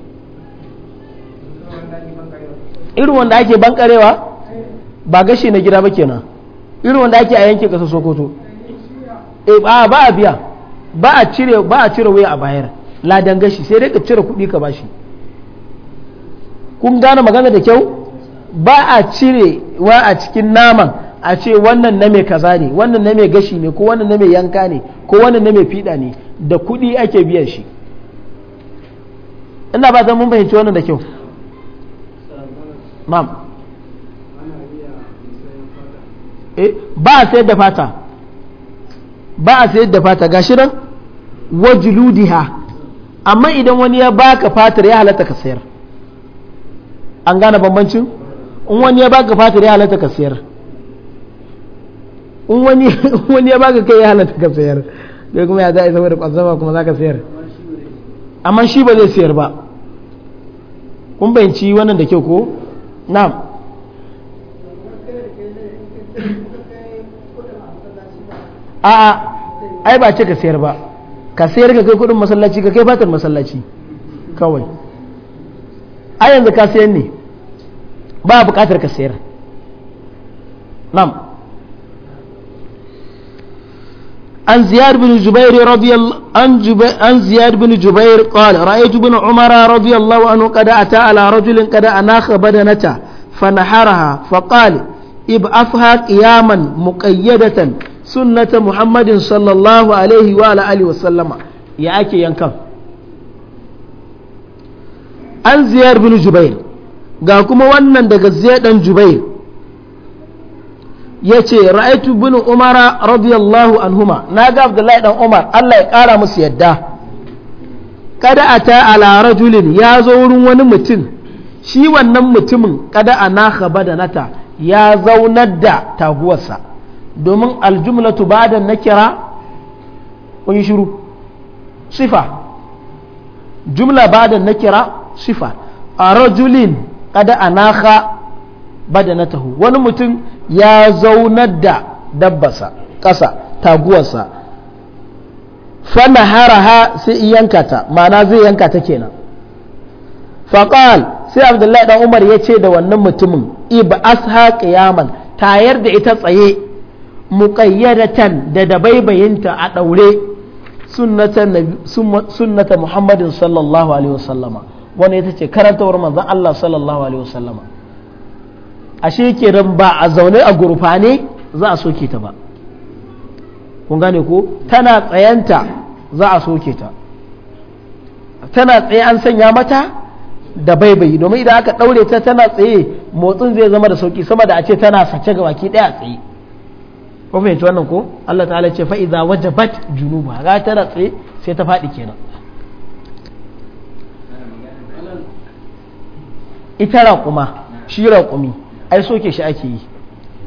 irin wanda ake bankarewa ba gashi na gida ba kenan irin wanda ake a yankin kasar sokoto eh, ba a biya ba a cire ba a cire waya a bayar ladan gashi sai dai ka cire kuɗi ka bashi kun gane magana da kyau ba a cire wa a cikin naman a ce wannan na mai kaza ne wannan na mai gashi ne ko wannan na mai yanka ne ko wannan na mai fiɗa ne da kuɗi ake biyan shi ina ba zan mun fahimci wannan da kyau Ma'am. Eh, ba a sayar da fata ba a sayar da fata gashi nan wajuludiha amma idan wani ya baka fatar ya halatta ka sayar an gane bambancin in wani ya baka fatar ya halatta ka sayar in wani ya baka kai ya halatta ka sayar bai kuma ya za a yi saboda kwanzama kuma za ka sayar amma shi ba zai sayar ba kun bayanci wannan da kyau ko na'am a'a ai ba ce ka sayar ba ka sayar ka kai kudin masallaci ka kai fatar masallaci kawai a yanzu ka sayar ne ba bukatar ka sayar na'am عن زياد بن جبير رضي الله عن, جب... عن زياد بن جبير قال رأيت ابن عمر رضي الله عنه قد أتى على رجل قد أناخ بدنته فنحرها فقال ابعثها قياما مقيدة سنة محمد صلى الله عليه وعلى آله وسلم يا أكي ينكم عن زياد بن جبير قال كما وانا دقى زياد بن جبير ya ce ra'aitu bin umara radiyallahu anhuma na ga abdullahi dan umar allah ya kara musu yadda kada a ta ala rajulin ya zo wurin wani mutum shi wannan mutumin kada a na da nata ya zaunar da taguwarsa domin aljumlatu ba da na kira kun shiru sifa jumla ba na kira sifa a rajulin kada a na nata wani mutum ya zaunar da dabbasa ƙasa taguwarsa fana haraha sai in yanka ta ma'ana zai yanka ta kenan faƙal sai abdullahi Ɗan umar ya ce da wannan mutumin iba asha ƙiyaman tayar da ita tsaye muƙayyadatan da dabaibayinta a ɗaure sunnata muhammadin sallallahu alaihi wasallama wani ita ce karantawar manzan, Allah sallallahu alaihi wasallama ashe kenan ba a zaune a gurfane za a soke ta ba kun gane ko tana tsayanta za a soke ta tana tsaye an sanya mata da baibayi domin idan aka ɗaure ta tana tsaye motsin zai zama da sauki sama da a ce tana sace ga baki daya tsaye ko fahimci wannan ko Allah ta'ala ce fa iza wajabat junuba ga tana tsaye sai ta fadi kenan ita raƙuma shi raƙumi ai soke shi ake yi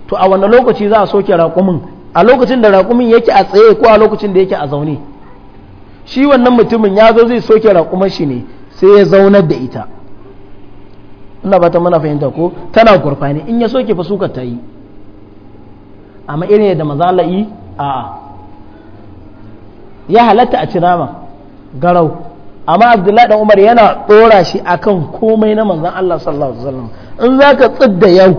to a wanda lokaci za a soke raƙumin a lokacin da raƙumin yake a tsaye ko a lokacin da yake a zaune shi wannan mutumin ya zo zai soke raƙumar shi ne sai ya zaunar da ita ina ba ta mana fahimta ko tana gurfani in ya soke fa suka ta yi amma irin da maza a ya halatta a ci garau amma abdullahi dan umar yana tsora shi akan komai na manzan Allah sallallahu alaihi wasallam in zaka tsidda yau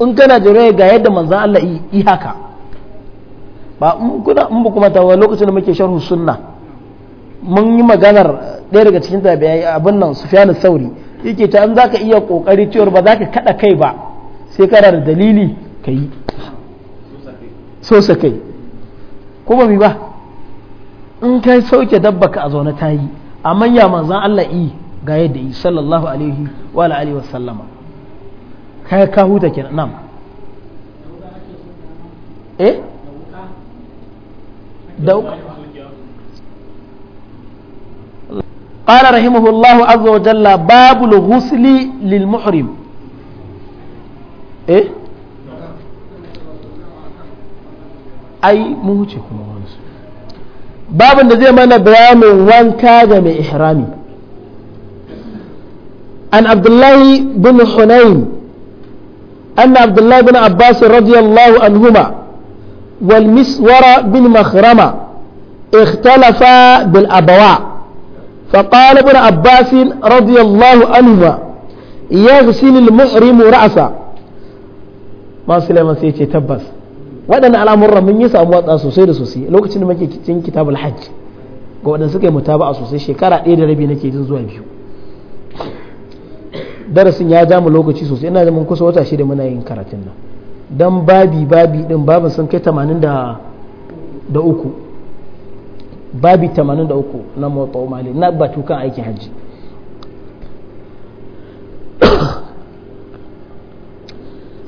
in kana jira ga yadda manzan Allah yi haka ba in ba kuma ta lokacin da muke sharhu sunna mun yi maganar ɗaya daga cikin tabi'ai abin nan Sufyan sauri yake ta in zaka iya kokari cewa ba zaka kada kai ba sai kana da dalili yi so sa kai kuma bi ba in kai sauke dabba ka a zaune ta yi amma ya manzan Allah yi ga yadda yi sallallahu alaihi wa alihi wa sallama kai ka huta kenan nan eh da قال رحمه الله عز وجل باب الغسل للمحرم ايه اي موجه babin da zai mana bayanin wanka من mai ان عبد الله بن حنين أن عبد الله بن عباس رضي الله عنهما والمسورة بن مخرمة اختلفا بالأبواء فقال ابن عباس رضي الله عنهما يغسل المحرم رأسه ما سلم سيتي تبس waɗanda al'amuran mun yi samu watsa sosai da sosai lokacin da muke cikin kitabul hajj ga waɗanda suka yi mutaba'a sosai shekara ɗaya da rabi nake jin zuwa biyu darasin ya ja mu lokaci sosai ina da mun kusa wata shida muna yin karatun nan dan babi babi din babin sun kai 80 da uku babi 83 na motsa mali na batukan aikin hajji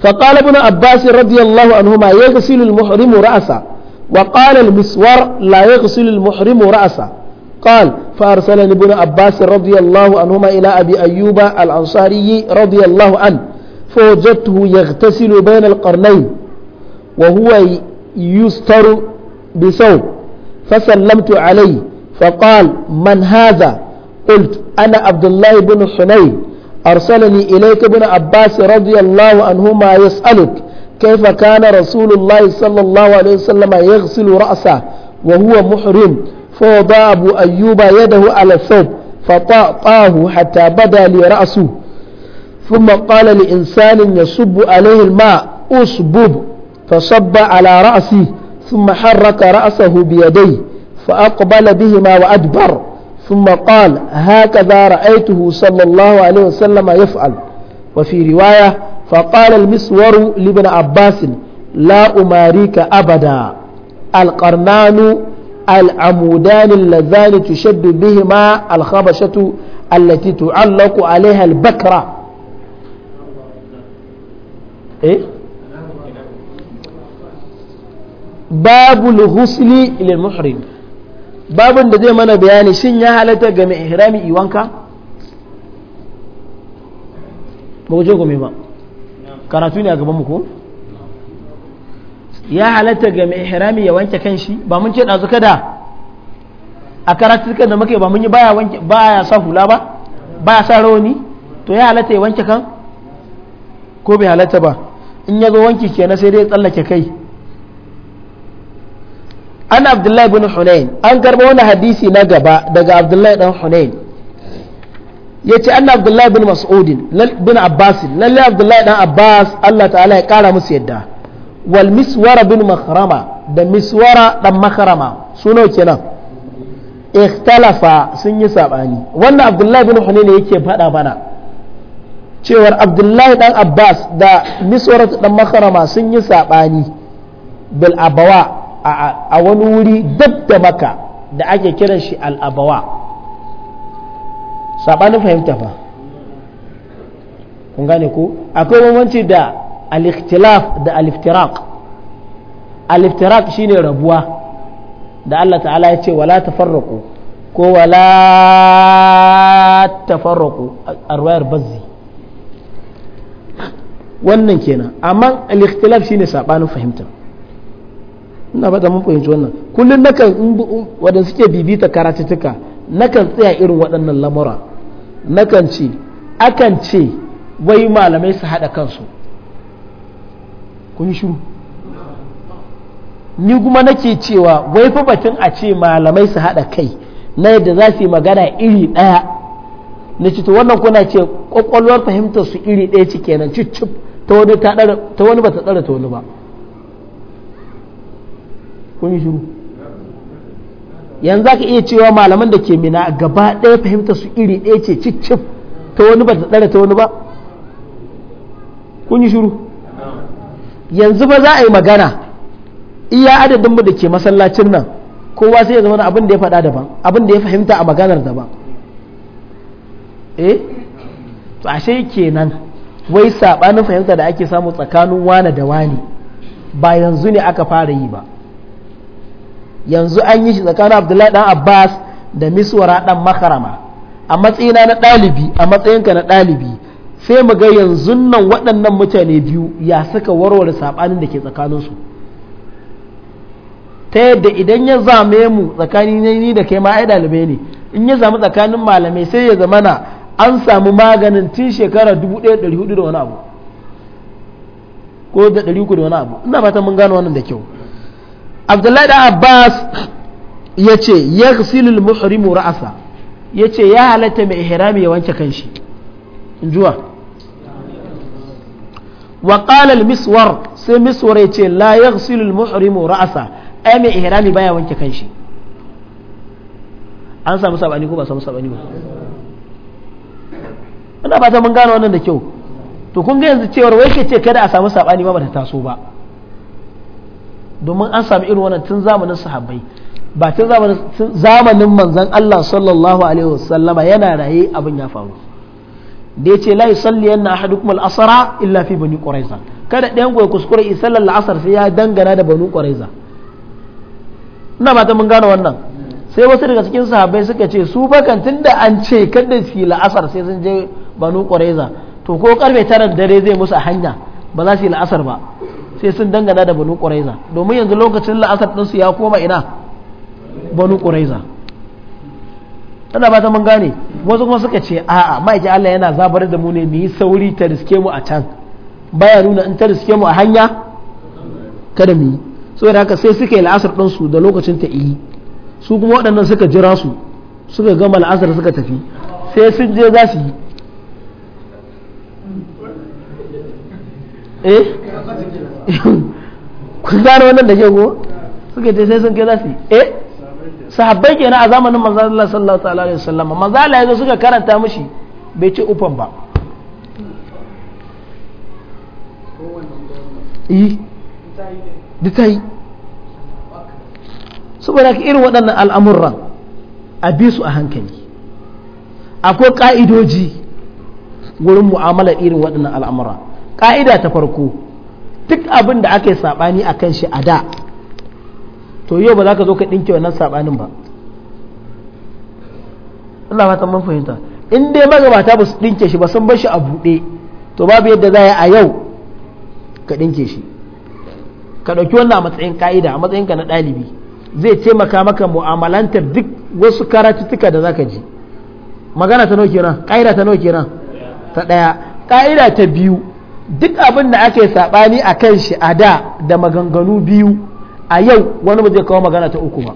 فقال ابن عباس رضي الله عنهما يغسل المحرم رأسه وقال المسور لا يغسل المحرم رأسه قال فأرسلني ابن عباس رضي الله عنهما إلى أبي أيوب الأنصاري رضي الله عنه فوجدته يغتسل بين القرنين وهو يستر بثوب فسلمت عليه فقال من هذا قلت أنا عبد الله بن حنين أرسلني إليك ابن عباس رضي الله عنهما يسألك كيف كان رسول الله صلى الله عليه وسلم يغسل رأسه وهو محرم فوضع أبو أيوب يده على الثوب فطأطاه حتى بدا لي رأسه ثم قال لإنسان يصب عليه الماء أصبب فصب على رأسه ثم حرك رأسه بيديه فأقبل بهما وأدبر ثم قال هكذا رأيته صلى الله عليه وسلم يفعل وفي رواية فقال المسور لابن عباس لا أماريك أبدا القرنان العمودان اللذان تشد بهما الخبشة التي تعلق عليها البكرة إيه؟ باب الغسل للمحرم babin da zai mana bayani shin ya halatta ga mai ihrami iwanka ba ku je mai ba karatu ne a gaban mu ko ya halatta ga mai ihrami ya wanke kanshi ba mun ce dazu kada a karatu kan da muke ba mun yi baya wanke baya sa hula ba baya sa rawani to ya halatta ya wanke kan ko bai halatta ba in ya zo wanki kenan sai dai tsallake kai an abdullahi bin hunain an karba wani hadisi na gaba daga abdullahi dan hunain ya ce an abdullahi bin mas'udin bin abbas lalle abdullahi dan abbas allah ta'ala ya kara musu yadda wal miswara bin makarama da miswara dan makarama suno kenan ikhtalafa sun yi sabani wannan abdullahi bin hunain yake faɗa bana cewar abdullahi dan abbas da miswara dan makarama sun yi sabani bil abawa a wani wuri dab da maka da ake kiran shi al'abawa saɓanin fahimta fa kun gane ku akwai bambanci da al-ikhtilaf da al-iftiraq al-iftiraq shine rabuwa da Allah ta'ala ya ce wala tafarraqu ko wala tafarraqu arwayar bazzi wannan kenan amma al-ikhtilaf shine sabanin fahimta ina ba mun fahimci wannan kullum nakan wadanda suke bibita karatuttuka nakan tsaya irin waɗannan lamura nakan ce akan ce wai malamai su haɗa kansu kun shiru ni kuma nake cewa wai fa batun a ce malamai su haɗa kai na yadda za su yi magana iri ɗaya na ci to wannan kuna ce ƙwaƙwalwar fahimtar su iri ɗaya ci kenan cicip ta wani ba ta ɗara ta wani ba kun yi shiru yanzu aka iya cewa malaman da ke mina gaba ɗaya fahimta su iri ɗaya ce cicif ta wani ba ta tsara ta wani ba kun yi shiru yanzu ba za a yi magana iya adadin mu da ke masallacin nan kowa sai ya zama abin da ya faɗa daban abin da ya fahimta a maganar daban eh to ashe kenan wai sabanin fahimta da ake samu tsakanin wane da wane ba yanzu ne aka fara yi ba yanzu an yi shi tsakanin abdullahi dan abbas da miswara dan makarama a matsayina na ɗalibi a matsayinka na ɗalibi sai mu ga yanzu nan waɗannan mutane biyu ya saka warware saɓanin da ke tsakaninsu ta yadda idan ya zame mu tsakanin ni da kai ma ai ɗalibai ne in ya zama tsakanin malamai sai ya zama na an samu maganin tun shekarar 1400 da wani abu ko da 300 da wani abu ina fata mun gano wannan da kyau abdullahi da abbas ya ce ya silul muhrimu ra'asa ya ce ya halatta mai ihrami ya wanke kanshi juwa wa qala miswar sai miswar ya ce la yaghsilu muhrimu ra'asa ai mai ihrami baya wanke kanshi an samu sabani ko ba samu sabani ba ina fata mun gane wannan da kyau to kun ga yanzu cewar wai ke ce kada a samu sabani ba ba ta taso ba domin an sami irin wannan tun zamanin sahabbai ba tun zamanin manzon Allah sallallahu alaihi wasallama yana raye abin ya faru da ya ce la yusalli yanna ahadukum al-asra illa fi bani quraiza kada ɗayan ku kuskure isallar la'asar sai ya dangana da bani quraiza ina ba mun gane wannan sai wasu daga cikin sahabbai suka ce su bakan tunda an ce kada su yi la'asar sai sun je banu ƙwareza to ko karfe tara dare zai musu hanya ba za su yi la'asar ba sai sun dangana da banu ƙuraiza domin yanzu lokacin la'asar ɗinsu ya koma ina banu ƙuraiza tana ba ta mun gane wasu kuma suka ce a'a ma'aikin Allah yana zabar da mu ne mu yi sauri ta riske mu a can baya nuna in ta riske mu a hanya kada mu yi saboda haka sai suka yi la'asar ɗinsu da lokacin ta iyi su kuma waɗannan suka jira su suka gama la'asar suka tafi sai sun je za su yi eh kun gane wannan da ke go suka ce sai sun kai za su eh sahabbai kenan a zamanin manzo Allah sallallahu ta'ala alaihi wasallam manzo Allah yazo suka karanta mishi bai ce ufan ba eh ba saboda ka irin waɗannan al'amuran a bi su a hankali akwai ƙa'idoji wurin mu'amala irin waɗannan al'amura ƙa'ida ta farko duk abin da aka yi saɓani a kan shi a da to yau ba za ka zo ka ɗinke wannan saɓanin ba Allah ta man fahimta in dai magabata ba su ɗinke shi ba sun bar shi a buɗe to babu yadda za a yau ka ɗinke shi ka ɗauki wannan a matsayin ka'ida a matsayin ka na ɗalibi zai taimaka maka mu'amalantar duk wasu karatuttuka da za ka ji magana ta nawa kenan ka'ida ta nawa kenan ta ɗaya ka'ida ta biyu duk abin da ake saɓani a kan shi a da da maganganu biyu a yau wani ba zai kawo magana ta uku ba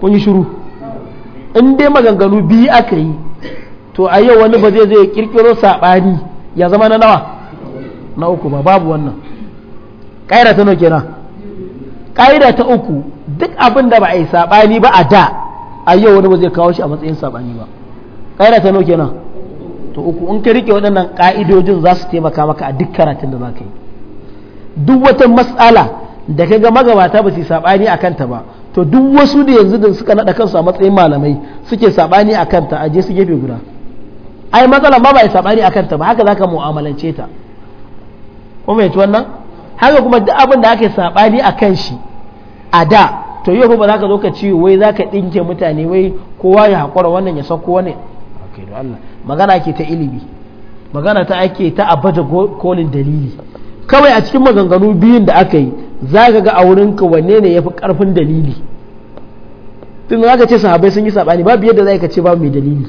kun yi shiru in dai maganganu biyu aka yi to a yau wani ba zai zai kirkiro saɓani ya zama na nawa na uku ba babu wannan ƙaira ta nau na ƙaira ta uku duk abin da ba a yi saɓani ba a da a yau wani ba zai kawo shi a matsayin saɓani ba ƙaira ta nauke na. to uku in ka rike waɗannan ƙa'idojin za su taimaka maka a duk karatun da za ka yi duk wata matsala da ka ga magabata ba su saɓani a kanta ba to duk wasu da yanzu da suka naɗa kansu a matsayin malamai suke saɓani a kanta a je su gefe guda ai matsala ma ba yi saɓani a kanta ba haka za ka mu'amalance ta kuma ci wannan haka kuma duk abin da aka saɓani a kan shi a da to yau ba za ka zo ka ci wai za ka ɗinke mutane wai kowa ya haƙura wannan ya sauko wani Allah magana ke ta ilimi magana ta ake ta a baje kolin dalili kawai a cikin maganganu biyun da aka yi za ka ga a wurinka wanne ne ya fi ƙarfin dalili tun za ka ce sahabai sun yi saɓani babu yadda za ka ce babu mai dalili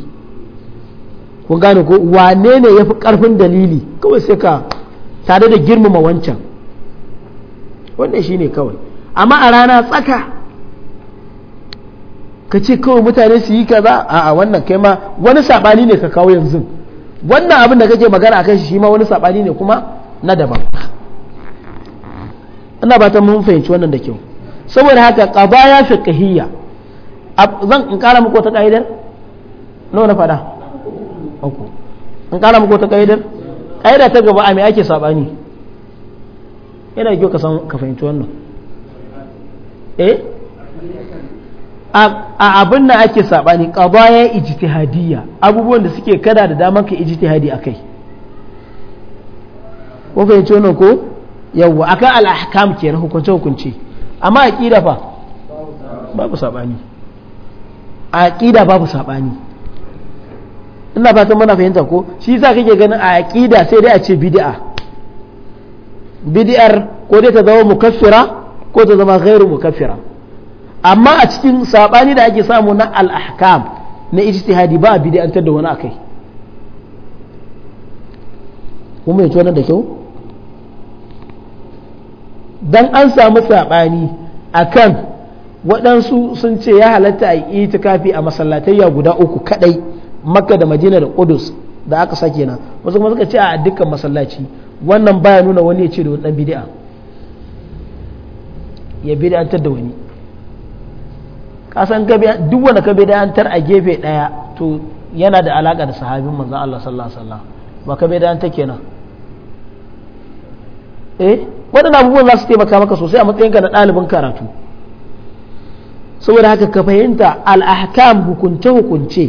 kun gane ko wane ne ya fi ƙarfin dalili kawai sai ka tare da girmama wancan wannan shi ne kawai amma a rana tsaka ka ce kawai mutane su yi kaza a'a wannan kai ma wani sabani ne ka kawo yanzu wannan abin da kake magana a kai shi ma wani sabani ne kuma na daban ina ba ta mun fahimci wannan da kyau saboda haka qadaya fiqhiyya zan in kara muku ta kaidar nawa na fada uku in kara muku ta kaidar kaida ta gaba a me ake sabani yana da kyau ka san ka fahimci wannan eh a abin da ake saɓani ijiti ijtihadiyya abubuwan da suke kada da damar ka ijtihadi a kai ko fahimci wannan ko yawwa akan al'ahkam ke na hukunce hukunce amma a ƙida fa babu saɓani a ƙida babu saɓani ina fatan muna fahimta ko shi za kake ganin a ƙida sai dai a ce bid'a bid'ar ko dai ta zama mukaffira ko ta zama ghairu mukaffira amma a cikin sabani da ake samu na al'ahkam ahkam na ijtihadi ba a bid'antar da wani akai kuma ya ci wannan da kyau don an samu sabani kan waɗansu sun ce ya halatta a yi itikafi a masallatayya guda uku kadai makka da madina da kudus da aka sake na wasu kuma suka ce a dukkan masallaci wannan baya nuna wani ya ce da wani bid'a ya bid'antar da wani kasan duk wanda ka bida a gefe ɗaya. to yana da alaka da sahabin manzon Allah sallallahu alaihi wasallam ba ka bida kenan eh waɗannan abubuwan za su taimaka maka sosai a matsayinka na ɗalibin karatu saboda haka ka fahimta al'ahkam hukunce hukunce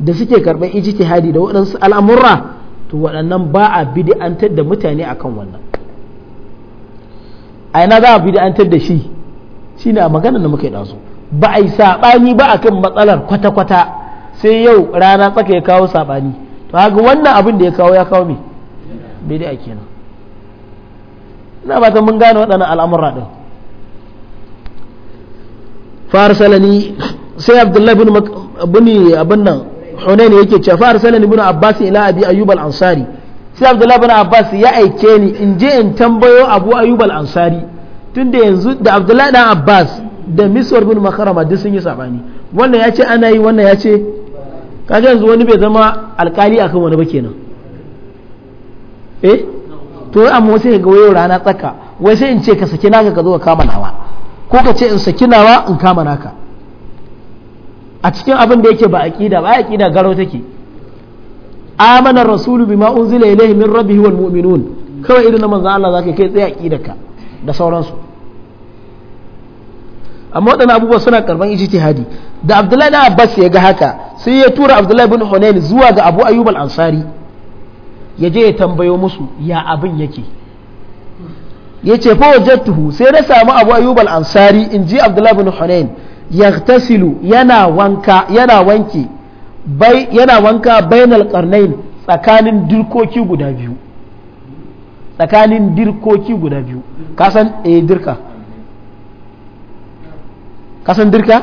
da suke karɓar ijtihadi da waɗansu al'amurra to waɗannan ba a bid'antar da mutane akan wannan a ina za a bid'antar da shi shine a magana da muka yi ɗazu ba a yi saɓani ba a kan matsalar kwata-kwata sai yau rana tsaka ya kawo saɓani to haka wannan abin da ya kawo ya kawo me ake nan ina ba ta mun gane waɗannan al'amura din salani sai abdullahi bin bin abin nan hunain yake cewa salani bin abbas ila abi ayyub al-ansari sai abdullahi bin abbas ya aike ni in je in tambayo abu ayyub al-ansari tunda yanzu da abdullahi dan abbas da miswar bin makarama duk sun yi sabani wannan ya ce ana yi wannan ya ce kaga yanzu wani bai zama alkali akan wani ba kenan eh to amma wasu ga wayo rana tsaka wai sai in ce ka saki naka ka zo ka kama nawa ko ka ce in saki nawa in kama naka a cikin abin da yake ba aqida ba aqida garo take amana rasulu bima unzila ilayhi min rabbihi wal mu'minun kawai irin manzo Allah zaka kai tsaye aqidaka da sauransu amma waɗannan abubuwa suna karban ijtihadi da abdullahi na abbas ya ga haka sai ya tura abdullahi bin hunayn zuwa ga abu ayyub al-ansari ya je ya tambayo musu ya abin yake ya ce fa wajadtuhu sai na samu abu ayyub al-ansari in ji abdullahi bin hunayn yaghtasilu yana wanka yana wanki bai yana wanka bainal qarnain tsakanin dirkoki guda biyu tsakanin dirkoki guda biyu ka san eh dirka kasan dirka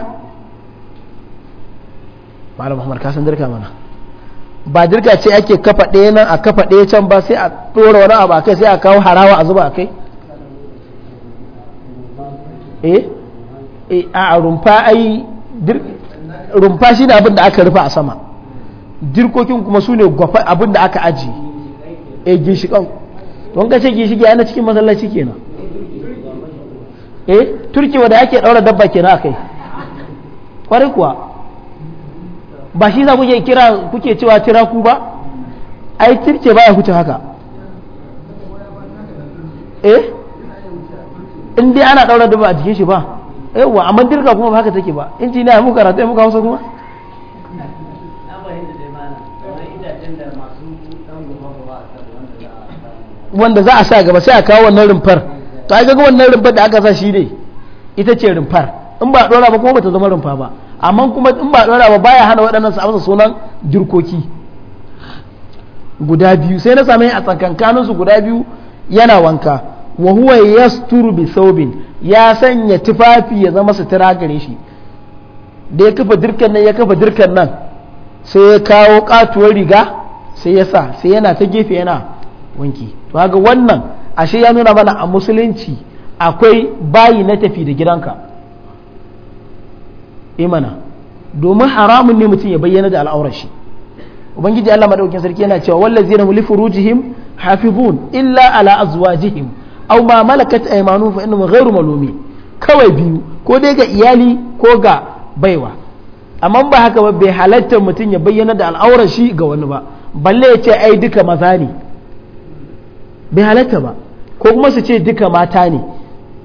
malam muhammad kasan dirka mana ba dirka ce ake kafa ɗaya nan a kafa ɗaya can ba sai a ɗora wani abu a kai sai a kawo harawa a zuba a kai eh, eh a rumfa ai rumfa shi ne abin da aka rufa a sama dirkokin kuma su ne gwafa abin da aka aji a eh, ginshiƙan don ka ce ginshiƙi yana cikin matsalaci kenan eh turki wanda ake daura dabba kenan akai kwarai kuwa ba shi za kuke kira kuke cewa tiraku ba ai turke baya huce haka eh in dai ana daura dabba a jikin shi ba yawwa amma dirka kuma ba haka take ba injiniya mu karatu muka hausa kuma wanda za a sa gaba sai a kawo wannan rumfar to ai gaga wannan rumfar da aka sa shi ne ita ce rumfar in ba dora ba kuma bata zama rumfa ba amma kuma in ba dora ba baya hana waɗannan su amsa sunan jirkoki guda biyu sai na same a tsakankanin su guda biyu yana wanka wa huwa yasturu bi thawbin ya sanya tufafi ya zama sutura gare shi da ya kafa dirkan nan ya kafa dirkan nan sai ya kawo katuwar riga sai ya sa sai yana ta gefe yana wanki to haka wannan ashe ya nuna mana a musulunci akwai bayi na tafi da gidanka imana domin haramun ne mutum ya bayyana da al'aurar shi ubangiji Allah madaukakin sarki yana cewa wallazina hum li furujihim hafizun illa ala azwajihim aw ma malakat aymanuhum fa innahum ghayru malumi, kawai biyu ko dai ga iyali ko ga baiwa amma ba haka ba bai halatta mutum ya bayyana da al'aurar shi ga wani ba balle ya ce ai duka maza ne bai halatta ba ko kuma su ce duka mata ne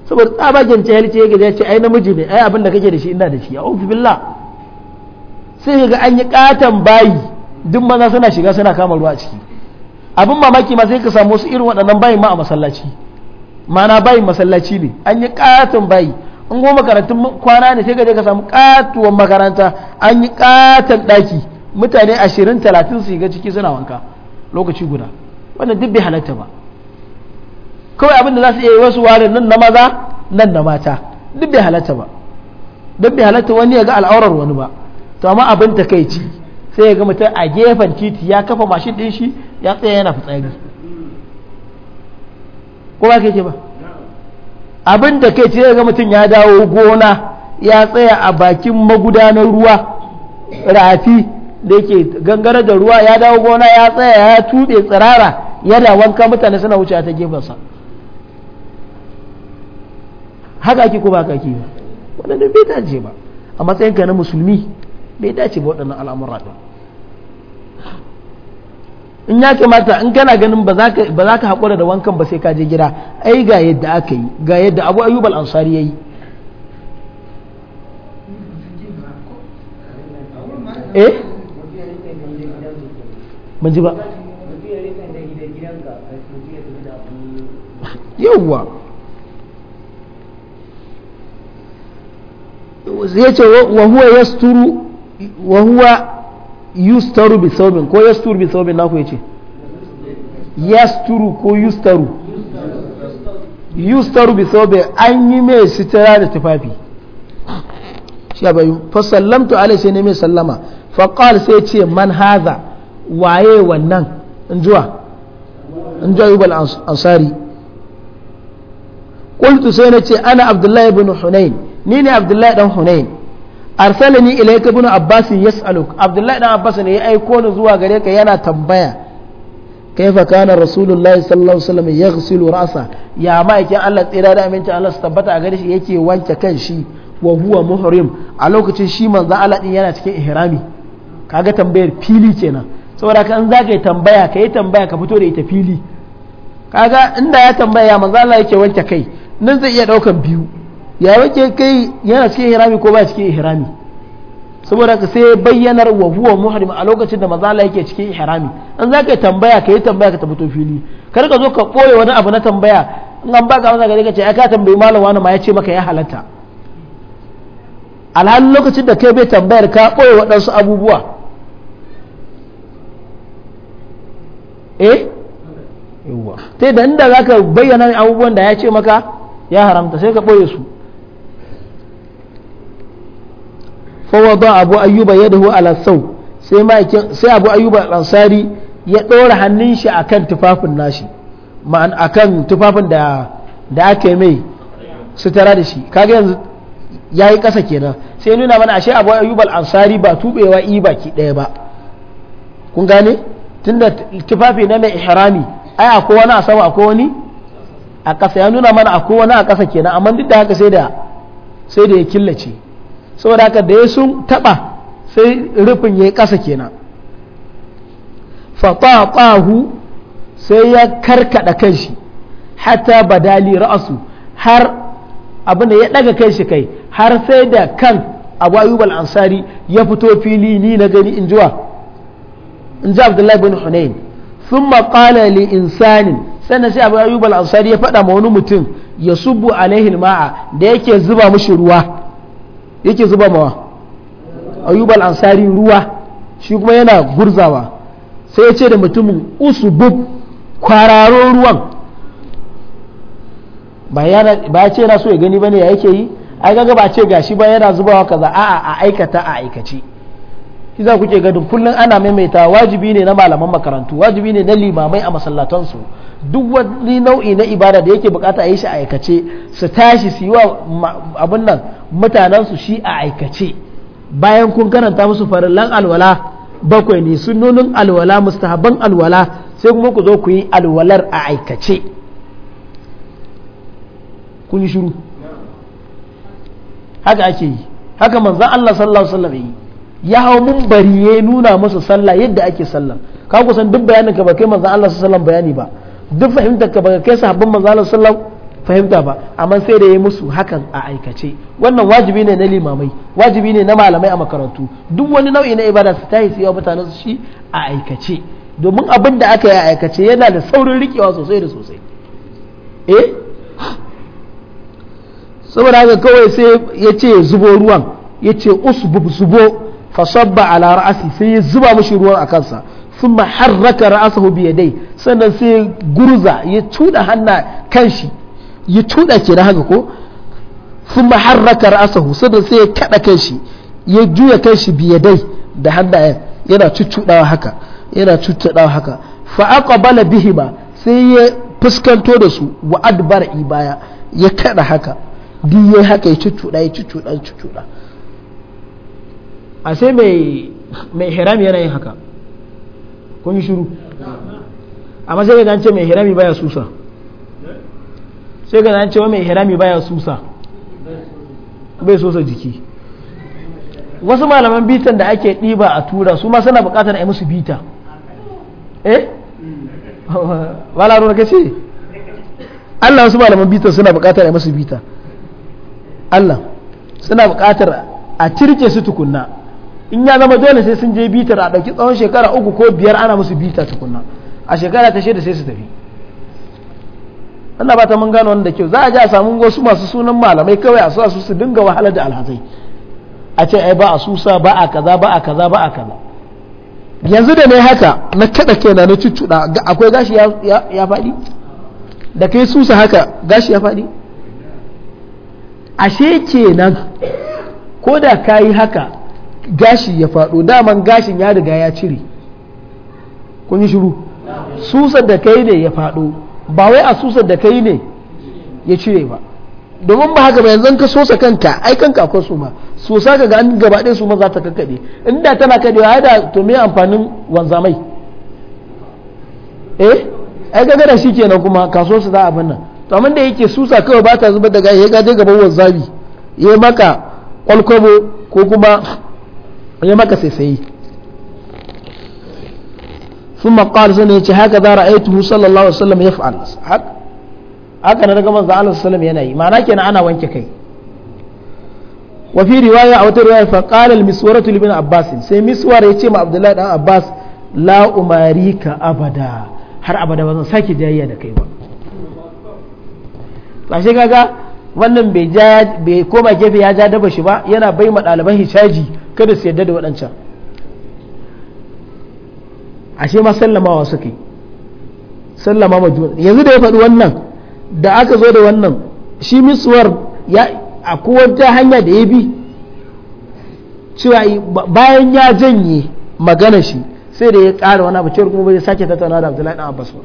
saboda tsabagen jahilci ya gaza ce ai namiji ne ai abin da kake da shi ina da shi ofi billah sai ga an yi katon bayi duk maza suna shiga suna kama ruwa a ciki abin mamaki ma sai ka samu su irin waɗannan bayin ma a masallaci mana bayin masallaci ne an yi katon bayi unguwar goma makarantun kwana ne sai ka je ka samu katuwan makaranta an yi katon ɗaki mutane ashirin talatin su shiga ciki suna wanka lokaci guda wannan duk bai halatta ba kawai abin da za su iya yi wasu ware nan na maza nan na mata duk bai halatta ba duk bai halatta wani ya ga al'aurar wani ba to amma abin takaici sai ya ga mutum a gefen titi ya kafa mashin din shi ya tsaya yana fitsari ko ba ce ba abin da kai ce ga mutum ya dawo gona ya tsaya a bakin magudanar ruwa rafi da yake gangare da ruwa ya dawo gona ya tsaya ya tuɓe tsirara yana wanka mutane suna wuce ta gefensa haka ake ko ba haka ake wadanda bai dace ba a matsayin ka na musulmi bai dace ba waɗannan al'amura ɗin in ya kamata in kana ganin ba za ka haƙura da wankan ba sai ka je gida ai ga yadda aka yi ga yadda abu ayyub al'ansari ya yi. eh ba yawwa zai ce wa huwa yasturu wa huwa yustaru bi thawbin ko yasturu bi thawbin na ku yace yasturu ko yustaru yustaru bi thawbin an yi mai sitira da tufafi shi ba fa sallamtu alai sai ne mai sallama fa qala sai ce man hadha waye wannan in zuwa in zuwa yubal ansari qultu sai na ce ana abdullahi ibn hunain ni ne abdullahi dan hunain arsalani ilayka ibn abbas yas'aluk abdullahi dan abbas ne ya aiko ni zuwa gare ka yana tambaya kaifa kana rasulullahi sallallahu alaihi wasallam yaghsilu ra'sa ya ma'aikin Allah tsira da aminci Allah su tabbata gare shi yake wanke kan shi wa huwa muhrim a lokacin shi manzo Allah din yana cikin ihrami kaga tambayar fili kenan saboda ka an zaka yi tambaya ka yi tambaya ka fito da ita fili kaga inda ya tambaya manzo Allah yake wanke kai nan zai iya daukan biyu ya wake kai yana cikin hirami ko ba cikin hirami saboda ka sai bayyanar wa huwa muhrim a lokacin da maza Allah yake cikin ihrami an za ka tambaya ka yi tambaya ka tabbato fili kar ka zo ka koye wani abu na tambaya in an baka wani zaka ce ai ka tambayi malam wani ma ya ce maka ya halatta alhalin lokacin da kai bai tambayar ka koye waɗansu abubuwa eh yawa sai da inda zaka bayyana abubuwan da ya ce maka ya haramta sai ka boye su fawa abu ayyuba ya dahu sau sai abu ayyuba ansari ya ɗora hannun shi akan tufafin nashi ma'an akan tufafin da da yi mai sutura da shi kaga yanzu ya yi ƙasa kenan sai nuna mana ashe abu ayyuba ansari ba tubewa i baki ɗaya ba kun gane tunda tufafi na mai ihrami ai akwai wani a sama akwai wani a ƙasa ya nuna mana akwai wani a ƙasa kenan amma duk da haka sai da sai da ya killace saboda haka da ya sun taba sai rufin ya yi ƙasa kenan faƙaƙahu sai ya karkaɗa kanshi hatta badali ra'asu har abinda ya ɗaga shi kai har sai da kan abu ayu ansari ya fito fili ni na gani in jiwa in ji abdullahi bin hunayn sun maƙala li insanin sannan sai abu ayu ansari ya faɗa ma wani mutum ya subu alaihin ma'a da yake zuba mushi ruwa yake zuba mawa ayyubal ansari ruwa shi kuma yana gurzawa sai ya ce da mutumin usubub kwararon ruwan ba ya ce yana so ya gani bane ya yake yi ai kaga ba ce gashi ba yana zubawa kaza a'a a aikata a aikace ku kuke gadin kullum ana maimaita wajibi ne na malaman makarantu wajibi ne na limamai a masallatansu duk wani nau'i na ibada da yake bukata a yi shi a aikace su tashi su yi wa abin nan mutanensu shi a aikace bayan kun karanta musu farillan alwala bakwai ne sunnonin alwala mustahaban alwala sai kuma ku zo ku yi alwalar a aikace kun yi shiru haka ake yi haka manzan Allah sallallahu alaihi wasallam yi ya hau bari ya nuna musu sallah yadda ake sallah ka kusan duk bayanin ka ba kai manzon Allah sallallahu bayani ba duk fahimtar ka ba kai sahabban manzon Allah sallallahu fahimta ba amma sai da ya musu hakan a aikace wannan wajibi ne na limamai wajibi ne na malamai a makarantu duk wani nau'i na ibada su tahi su yi wa mutanen su shi a aikace domin abin da aka yi a aikace yana da saurin rikewa sosai da sosai eh saboda haka kawai sai ya ce zubo ruwan ya ce usbub zubo fasabba ala ra'asi sai ya zuba mashi ruwan a kansa sun harraka ra'asahu biyadai sannan sai gurza ya tuda hanna kanshi ya tuda ke da haka ko sun harraka ra'asahu sannan sai ya kada kanshi ya juya kanshi biyadai da hannayen yana cuccudawa haka yana cuccudawa haka fa aqbala bihima sai ya fuskanto da su wa adbara ibaya ya kada haka ya haka ya cuccuda ya cuccuda cuccuda a sai mai hirami yana yin haka kun yi shuru amma sai ga ce mai hirami baya susa sai ga ce mai hirami baya susa bai sosa jiki wasu malaman bitan da ake ɗiba a tura su ma suna buƙatar a musu bita eh walaro na ka Allah wasu malaman bitan suna buƙatar a musu bita Allah suna buƙatar a cirke su tukunna in ya zama dole sai sun je bitar a ɗauki tsawon shekara uku ko biyar ana musu bita tukunna a shekara ta shida sai su tafi Allah ba ta mun gano wanda kyau za a ji a samu wasu masu sunan malamai kawai a su su dinga wahala da alhazai a ce ai ba a susa ba a kaza ba a kaza ba a kaza yanzu da ne haka na kada kenan na cuccuɗa akwai gashi ya faɗi da kai susa haka gashi ya faɗi ashe kenan ko da ka yi haka gashi ya faɗo daman gashin ya riga ya cire kun yi shiru susar da kai ne ya faɗo ba wai a susar da kai ne ya cire ba domin ba haka ba yanzu ka sosa kanka ai kanka akwai su ma sosa ga an gaba ɗaya su ma za ta kakkaɓe inda tana kadewa ya da to me amfanin wanzamai eh ai ga gada shikenan kenan kuma kaso su za a nan to amma da yake susa kawai ba ta zubar da gashi ya gaje gaban wanzami ya maka kwalkwabo ko kuma ya maka sai sun maƙal sun ya ce haka za ra'aituhu sallallahu alaihi wasallam ya fa'al haka na daga manzo alaihi wasallam yana yi ma'ana kenan ana wanke kai wa fi riwaya a wata riwaya fa qala al miswaratu abbas sai miswar ya ce ma abdullahi dan abbas la umarika abada har abada ba zan sake jayayya da kai ba kaga wannan bai koma gefe ya ja daba shi ba yana bai ma ɗaliban hijaji kada su yadda da waɗancan ashe ma sallamawa suke sallama ma juna yanzu da ya faɗi wannan da aka zo da wannan shi misuwar ya a kowace hanya da ya bi cewa bayan ya janye magana shi sai da ya ƙara wani abu cewar kuma bai sake tattauna da abdullahi dan abbas ba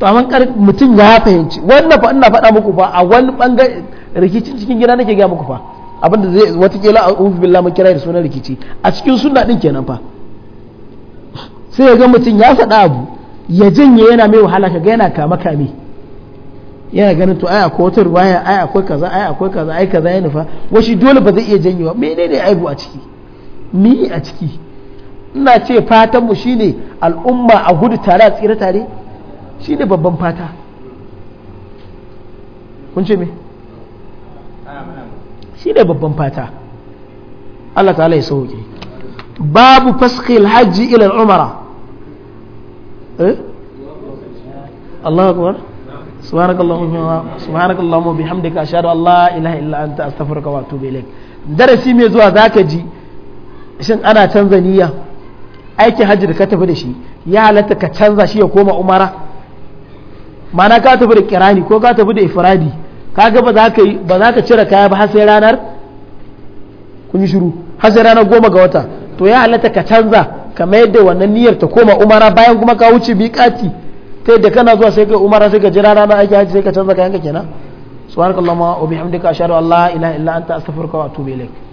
to amma mutum ya fahimci wannan fa ina faɗa muku fa a wani bangare rikicin cikin gida nake gaya muku fa abinda zai watakila a ufi billah mun kira da sunan rikici a cikin suna ɗin kenan fa sai ya ga mutum ya faɗa abu ya janye yana mai wahala kaga yana kama kame yana ganin to ai akwai wata ruwaya ai akwai kaza ai akwai kaza ai kaza ya nufa washi dole ba zai iya janyewa menene aibu a ciki ni a ciki ina ce fatan mu shine al'umma a gudu tare a tsira tare shine babban fata kun ce me shi ne babban fata Allah ta'ala ya sauke babu faskil hajji ila umara eh Allahu akbar subhanakallahumma bihamdika ashhadu an la ilaha illa anta astaghfiruka wa atubu ilaik darasi mai zuwa za ka ji shin ana canza niyya aikin hajji da ka tafi da shi ya halatta ka canza shi ya koma umara ma'ana ka tafi da kirani ko ka tafi da ifiradi. kaga ba za ka ba za ka cire kaya ba har sai ranar kun yi shiru har sai ranar goma ga wata to ya halatta ka canza ka mayar da wannan niyyar ta koma umara bayan kuma ka wuce miƙati ta yadda kana zuwa sai ka umara sai ka jira ranar aiki haji sai ka canza kayan ka kenan subhanakallahumma wa bihamdika ashhadu an la ilaha illa anta astaghfiruka wa atubu ilaik